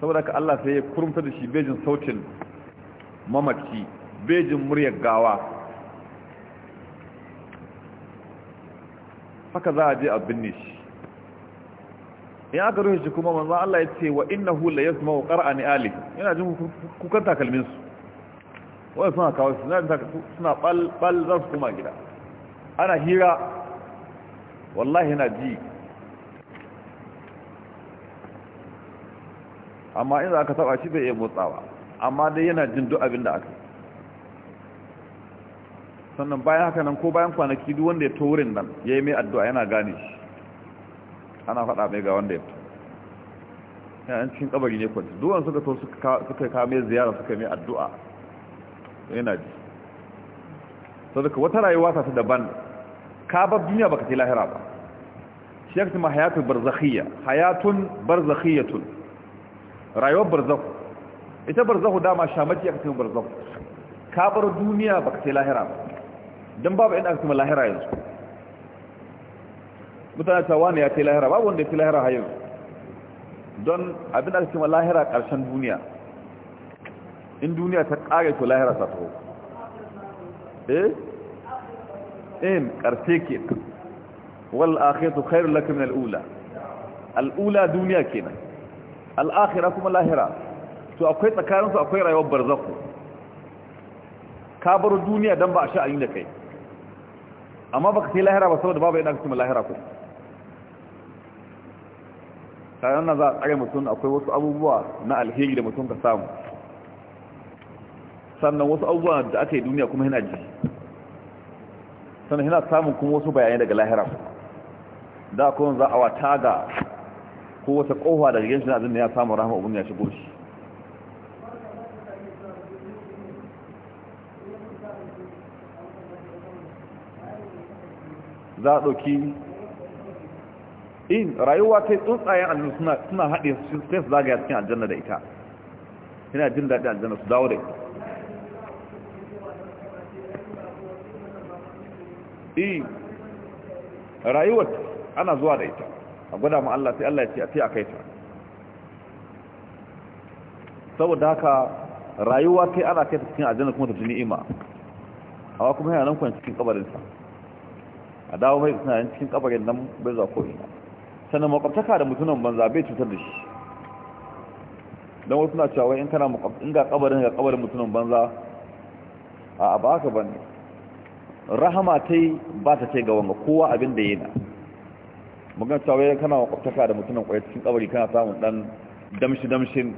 saboda ka Allah sai ya kurumta da shi bejin sautin mamaci bejin muryar gawa haka za a je a binne shi in aka rufe shi kuma manzo Allah ya ce wa innahu la yasma'u qara'ani ali yana jin kukan takalmin su wai suna kawo su suna bal bal za su kuma gida ana hira wallahi yana ji amma in za ka taba shi bai iya motsawa amma dai yana jin duk abin da aka sannan bayan haka nan ko bayan kwanaki duk wanda ya to wurin nan ya yi mai addu'a yana gane shi ana faɗa mai ga wanda ya fito yana cikin kabari ne kwanci duwan suka to suka kame ziyara suka mai addu'a yana ji sau daga wata rayuwa ta daban ka bar duniya baka ce lahira ba shi yake ma hayatun barzakhiyya hayatun tun. rayuwar barzakhu ita barzakhu dama shamaki ya kace barzakhu ka bar duniya baka ce lahira ba don babu inda kace lahira yanzu mutane ta wani ya kai lahira babu wanda ya kai lahira hayan don abin da cikin lahira ƙarshen duniya in duniya ta ƙare to lahira ta taho eh in ƙarshe ke wal akhiratu khairul lakum min al-ula al-ula duniya kenan al-akhirah kuma lahira to akwai tsakanin su akwai rayuwar barzakhu ka bar duniya dan ba a sha sha'ani da kai amma baka sai lahira ba saboda babu yana cikin lahira ko tare na za a tsare mutum akwai wasu abubuwa na alheri da mutum ka samu sannan wasu abubuwa da aka yi duniya kuma yana ji sannan yana samun kuma wasu bayanai daga lahira da kuma za a wata ga ko wata kowa daga yin shi na ya samu rahama abin ya shigo shi za a ɗauki in rayuwa ta tsuntsayen annabi suna suna haɗe su sai su zagaya cikin aljanna da ita yana jin daɗin aljanna su dawo da ita in rayuwa ana zuwa da ita a gwada mu Allah sai Allah ya ce a fi a kai ta saboda haka rayuwa kai ana kai ta cikin aljanna kuma ta ji ni'ima amma kuma yana nan kwanci cikin kabarinsa a dawo mai suna cikin kabarin nan bai zuwa ko'ina sannan makwabtaka da mutunan banza bai cutar da shi don wasu na cewa in kana in ga kabarin ga kabarin mutunan banza a ba ba ne rahama ta yi ba ta ce ga wanga kowa abin da yi na magana cewa kana makwabtaka da mutunan kwaya cikin kabari kana samun dan damshi damshin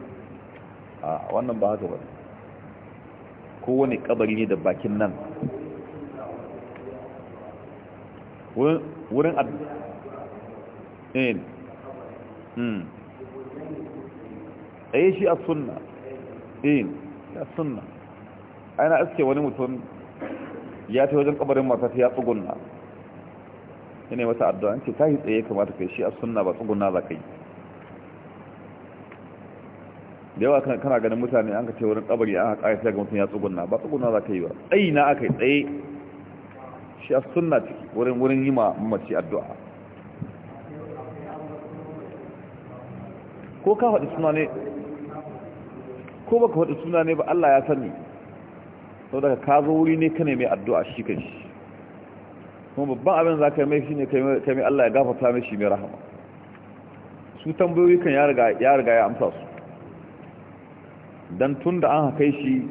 a wannan ba haka ba ne kowane kabari ne da bakin nan wurin in hmm ai shi as-sunna in as-sunna ana aske wani mutum ya ta wajen kabarin mata ya tsugunna yana mata addu'a ce ta yi tsaye kamata kai shi a sunna ba tsugunna za kai, da yawa kana ganin mutane an ka ce wurin kabari an haka ayyafi ga mutum ya tsugunna ba tsugunna za ka yi ba tsayi na aka yi tsaye shi a sunna ciki wurin yi ma mace addu'a ko ka faɗi suna ne ko baka faɗi suna ne ba Allah ya sani sau daga ka zo wuri ne ka ne mai addu'a shi kan shi kuma babban abin za ka yi mai shi ne ka mai Allah ya gafata mai shi mai rahama su tambayoyi kan ya riga ya amsa su don tun da an haka shi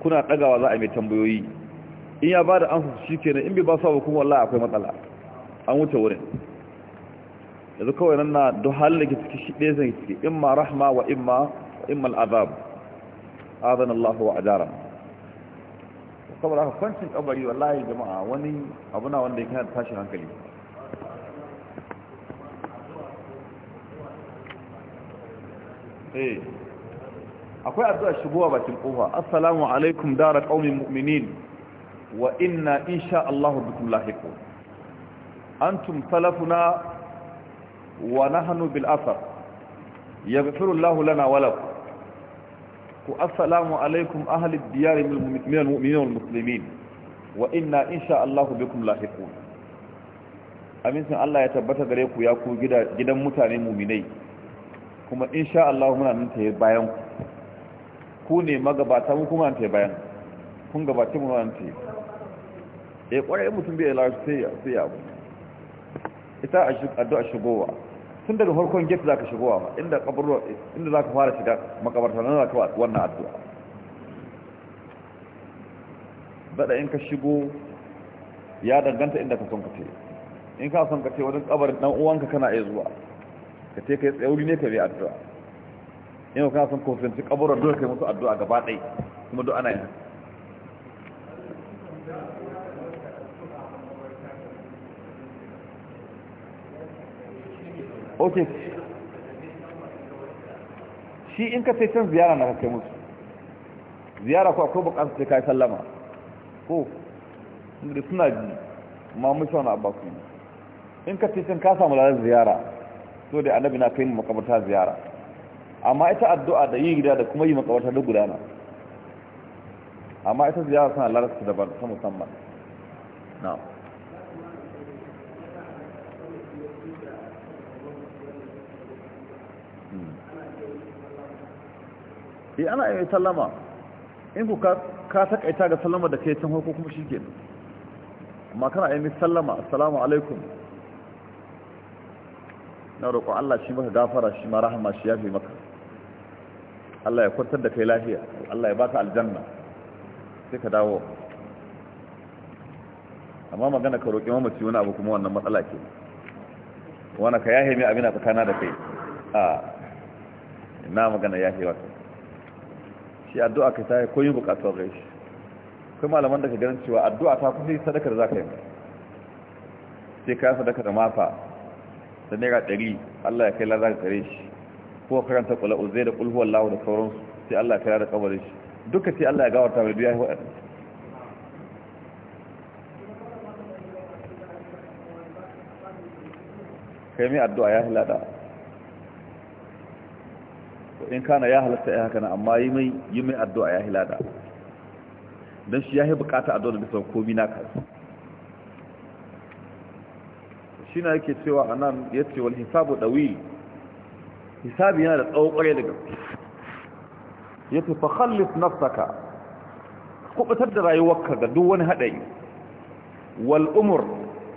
kuna ɗagawa za a mai tambayoyi in ya ba da amsa su shi kenan in bai ba su abu kuma Allah akwai matsala an wuce wurin yanzu kawai nan na duk halin da ciki shi ɗaya zai ciki imma rahma wa imma imma al'azab azan Allah wa ajara saboda haka kwancin kabari wallahi jama'a wani abuna wanda yake da tashin hankali eh, akwai addu'a shigowa bakin kofa assalamu alaikum dara qaumin mu'minin wa inna insha Allah bikum lahiqun antum salafuna wa nahnu bil asr yaghfiru Allahu lana wa lakum ku assalamu alaikum ahli diyar al-mu'minin wal muslimin wa inna insha Allah bikum lahiqun san Allah ya tabbata gare ku ya ku gidan mutane mu'minai kuma insha Allah muna nan ta bayan ku ku ne magabata mu kuma ta bayan kun gabace mu nan ta eh kwarai mutum bai lafiya sai ya abu ita addu'a shigowa tun daga farkon gate zaka shigowa inda kaburwa inda zaka fara shiga makabarta nan zaka wannan addu'a bada in ka shigo ya danganta inda ka son ka in ka son ka wajen kabarin dan uwanka kana iya zuwa ka ce kai tsauri ne ka bi addu'a in ka son ka kusanci kaburar dole kai musu addu'a gaba ɗaya kuma duk ana yin ok shi in ka sai can ziyara na kai musu ziyara ko akwai bukatar sai kai sallama ko da suna ji ma wani abu in ka sai can ka samu lalar ziyara so da annabi na kai makabarta ziyara amma ita addu'a da yi gida da kuma yi makabarta duk gudana amma ita ziyara suna lalar su daban ta musamman na'am eh ana yi sallama in ku ka takaita ga sallama da kai can harko kuma shi ke amma kana yi sallama assalamu alaikum na roƙon Allah shi maka gafara shi ma rahama shi ya fi maka Allah ya kwantar da kai lafiya Allah ya baka aljanna sai ka dawo amma magana ka roƙi mamaci wani abu kuma wannan matsala ke wani ka yahe mai abin a tsakana da kai a na magana yahe wata shi addu'a ka ta ko yin bukatu gai shi kai malaman da ka ganin cewa addu'a ta kusa yi sadakar za ka yi sai ka yi sadaka da mafa da naira ɗari allah ya kai lara ka gare shi ko karanta kula uzai da kulhuwar lawo da sauransu sai allah ya kai lara kabarin shi duka sai allah ya gawarta mai biya waɗanda kai mai addu'a ya hilada in kana ya halatta ya hakana amma yi mai yi mai addu'a ya hilada don shi ya yi bukata addu'a da sau komi na kasu shi na yake cewa a nan ya ce wani hisabu ɗawi hisabi yana da tsawokware daga ya ce fahallis nafsaka kubutar da rayuwarka ga duk wani haɗari wal umur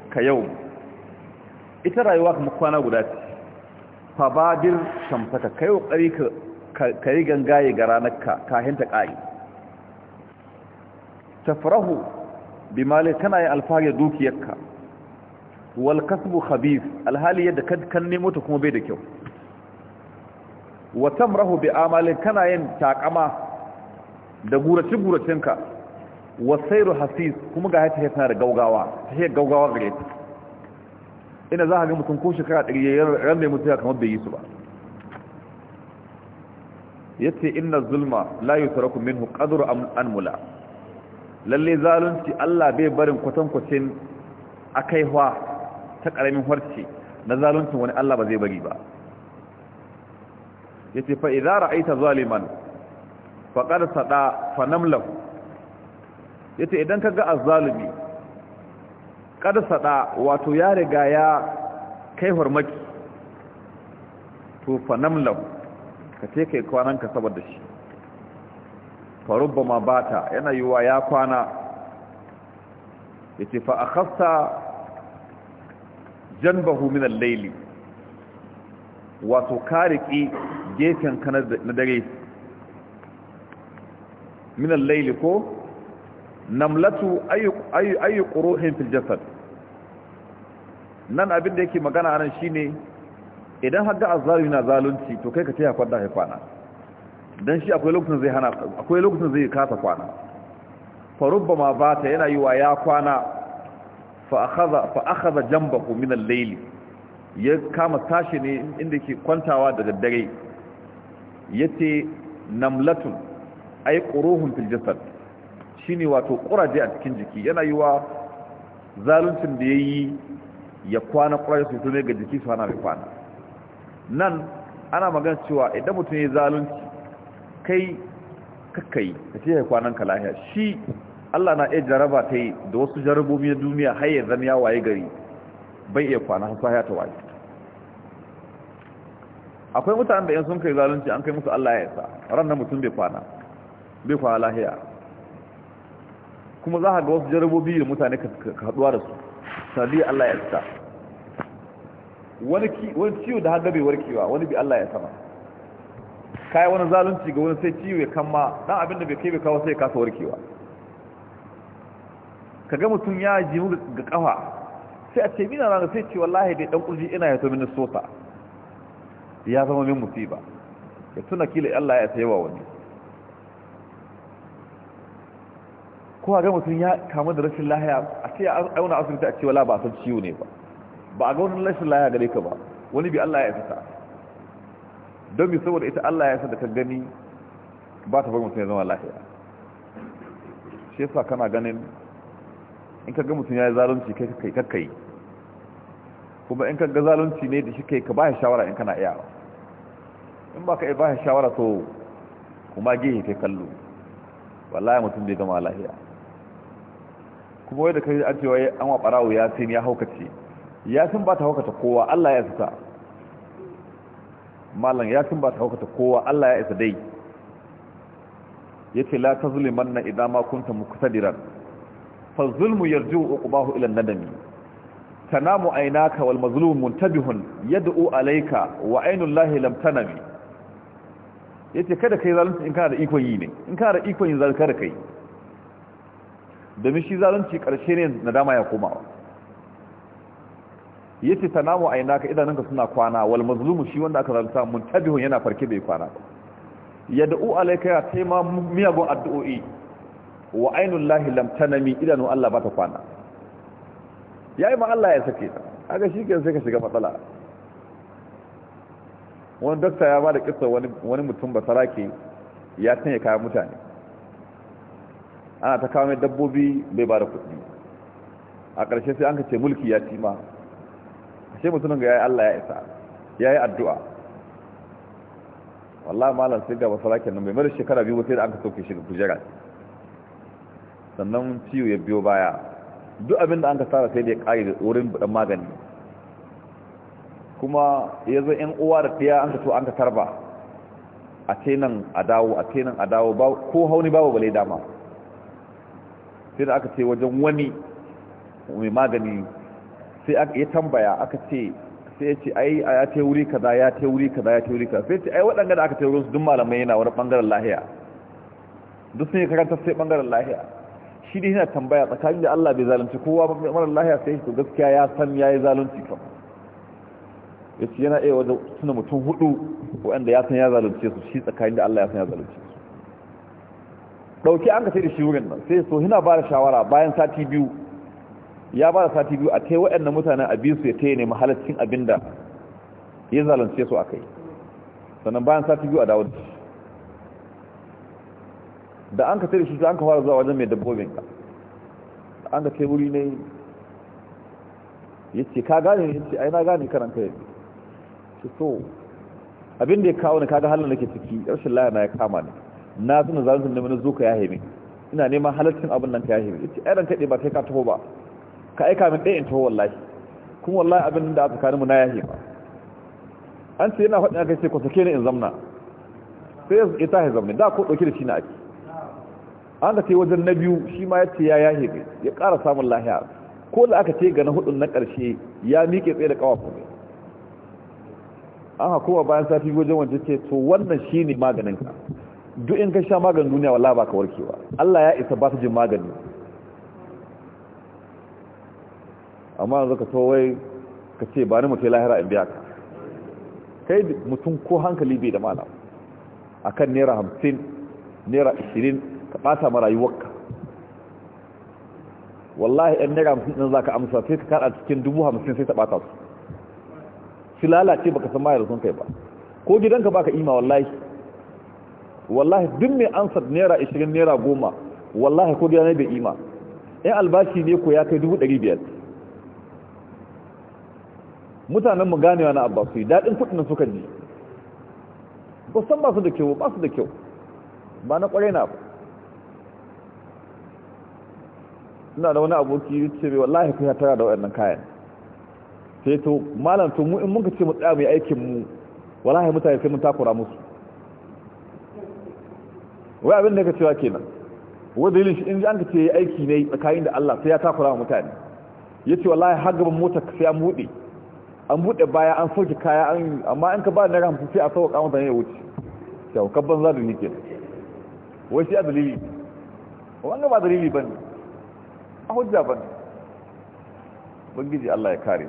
ka yau ita rayuwa kuma kwana guda ce fabadir shamfata kai kokari ka kai gangaye ga ranarka ka ta ƙari tafrahu bi mali kana yin alfahari dukiyarka wal kasbu khabith alhali yadda kan nemo ta kuma bai da kyau wa tamrahu bi amali kana yin takama da gurace guracenka wa sayru hasis kuma ga hata tana da gaugawa sai gaugawa gare ta ina za a ga mutum ko shekara ɗari ya ranar mutu ya kamar bai yi su ba ya ce ina zulma layu taraku min hukaduru an mula lalle zalunci allah bai barin kwatankwacin a kaiwa ta ƙaramin harce na zalunci wani allah ba zai bari ba ya ce fa idara aita zaliman faƙar saɗa fanamlahu ya ce idan ka ga a zalumi. Kada ƙarsada wato ya riga ya kai hormaki to lau ka ce kai ka saboda shi farubba rubbama bata yana yiwa ya kwana ya ce fa a kasta bahu minan laili wato kariki gefen kanar na dare minan laili ko namlatu ayi ƙuruhin fil jasad nan abin da yake magana shi shine idan har ga azzalimi na zalunci to kai ka ce haifar da haifana don shi akwai lokacin zai hana akwai lokacin zai kasa kwana farubba ma ba ta yana yi wa ya kwana fa akhadha jambahu min al-layl ya kama tashi ne inda yake kwantawa da daddare yace namlatun ay quruhum fil jasad shine wato kuraje a cikin jiki yana yi wa zaluncin da ya yi ya kwana kuraje su ne ga jiki su hana mai kwana nan ana magana cewa idan mutum ya zalunci kai kakai ka ce ya kwanan ka lahiya shi Allah na iya jaraba ta yi da wasu jarabobi na duniya har ya zama ya waye gari bai iya kwana har sahiya ta waye akwai mutanen da yan sun kai zalunci an kai musu Allah ya yasa ran na mutum bai kwana bai kwana lahiya kuma za a ga wasu jarabobi da mutane ka haɗuwa da su sanadiyar Allah ya sa wani ciwo da haɗa bai warkewa wani bi Allah ya sama yi wani zalunci ga wani sai ciwo ya kama ɗan abin da bai kai bai kawo sai ya kasa warkewa ka ga mutum ya mu ga ƙafa sai a ce mina rana sai ce wallahi dai ɗan ƙurji ina ya to mini sota ya zama min musiba ya tuna kila Allah ya sayawa wani ko ga mutum ya kamu da rashin lahiya a ce a wani asibiti a ce wala ba a san ciwo ne ba ba a ga wani rashin lahiya gare ka ba wani bi Allah ya fita don bi saboda ita Allah ya da ka gani ba ta bari mutum ya zama lahiya shi yasa kana ganin in ka ga mutum ya yi zalunci kai kai kakkai kuma in ka ga zalunci ne da shi kai ka ba ya shawara in kana iyawa in ba ka ba ya shawara to kuma gehe kai kallo wallahi mutum bai gama lahiya kuma yadda kai an cewa an wa barawo ya sin ya haukace ya sin ba ta haukata kowa Allah ya isa mallan ya sin ba ta haukata kowa Allah ya isa dai yace la tazlimanna idan ma kunta muktadiran fa zulmu yarju uqbahu ila nadami tanamu aynaka wal mazlum muntabihun yad'u alayka wa aynu llahi lam tanami yace kada kai zalunta in kana da ikon yi ne in kana da ikon yin zalkar kada kai domin shi zalunci ƙarshe ne nadama ya komawa Ya yace tanamu ka idanunka suna kwana wal mazlumu shi wanda aka zalunta tabihun yana farke bai kwana ba yad'u alaika ya ma miyagun addu'o'i wa ainihin lahi lam tanami idanun Allah ba ta kwana yi ma Allah ya sake ta shi ke sai ka shiga matsala wani dokta ya ba da kissa wani mutum basarake ya tanya kayan mutane ana ta kawo mai dabbobi bai ba da kuɗi a ƙarshe sai an ce mulki ya ci ma ashe mutumin ga ya yi allah ya isa ya yi addu'a wallah malam sai ga wasu rakin nan bai mara shekara biyu sai da an ka soke shi kujera sannan ciwo ya biyo baya duk abin da an ka tsara sai da ya ƙari da tsorin buɗan magani kuma ya zo ‘yan uwa da fiya an ka so an ka tarba a tenan a dawo a tenan a dawo ko hauni babu bale dama sai da aka ce wajen wani mai magani sai ya tambaya aka ce sai ya ce ai ya ce wuri kaza ya ce wuri kaza ya ce wuri kaza sai ce ai waɗanda da aka ce wurin su duk malamai yana wani ɓangaren lahiya duk sun yi karanta sai ɓangaren lahiya shi dai yana tambaya tsakanin da Allah bai zalunci kowa ba mara lahiya sai to gaskiya ya san ya yi zalunci kan ya ce yana iya wajen suna mutum hudu waɗanda ya san ya zalunce su shi tsakanin da Allah ya san ya zalunce su dauki an ka sai da shi wurin nan sai so hina ba da shawara bayan sati biyu ya ba da sati biyu a kai waɗannan mutanen a biyu su ya taya nemi halaccin abin da ya zalunce su a kai sannan bayan sati biyu a dawo da shi da an ka da shi an ka fara zuwa wajen mai dabbobin ka an ka kai wuri ne ya ce ka gane ne ya ce aina gane karan kai ce so abin da ya kawo ne kaga halin da ke ciki rashin laya na ya kama ne na suna zalunta neman zo ka ya haimi. ina neman halittun abin nan ka ya haimi. ita ɗan kaɗe ba kai ka taho ba ka aika min ɗaya in taho wallahi kuma wallahi abin da aka kare na ya haima. an ce yana faɗin aka ce ku sake ni in zamna sai ya tahe zamna da ko dauke da shi na aiki. an ka ce wajen na biyu shi ma ya ce ya ya min ya ƙara samun lahiya ko da aka ce ga na hudun na ƙarshe ya miƙe tsaye da ƙawafu ne An kuma bayan sati wajen wancan ce to wannan ne maganin ka duk in ka sha maganin duniya wallahi ba ka warkewa Allah ya isa ba ta jin magani amma yanzu ka towai ka ce ba ni mutai lahira in biya ka kai mutum ko hankali bai da mana kan naira hamsin naira ashirin ka ɓata ma rayuwarka wallahi ɗan naira hamsin ɗin za ka amsa sai ka kaɗa cikin dubu hamsin sai ta ɓata su shi lalace baka san mayar sun kai ba ko gidanka baka ima wallahi wallahi duk mai ansa naira 20 naira 10 wallahi ko gida da ima in albashi ne ko ya kai 500 mutanen mu ganewa na abbasu dadin kudin nan suka ne ba san ba su da kyau ba su da kyau ba na kware na ba ina da wani aboki ce bai wallahi kun ya tara da waɗannan kayan sai to malam to mu in muka ce mu tsaya mu aikin mu wallahi mutane sai mun takura musu wai abin da ka cewa kenan wanda dalilin shi in ji an ka ce ya aiki ne tsakanin da Allah sai ya takura wa mutane ya ce wallahi har gaban mota sai an buɗe an buɗe baya an sauke kaya an amma in ka ba naira hamsin sai a sauka ne ya wuce kyau kabban za da ni kenan wai shi a dalili wannan ba dalili ba ne a hujja ba ne bangiji Allah ya kare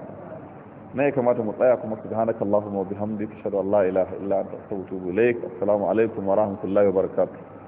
na ya kamata mu tsaya kuma su hana kallahu ma bihamdi ka shaɗu Allah ilaha illa ta sautu bulek assalamu alaikum wa rahmatullahi wa barakatuh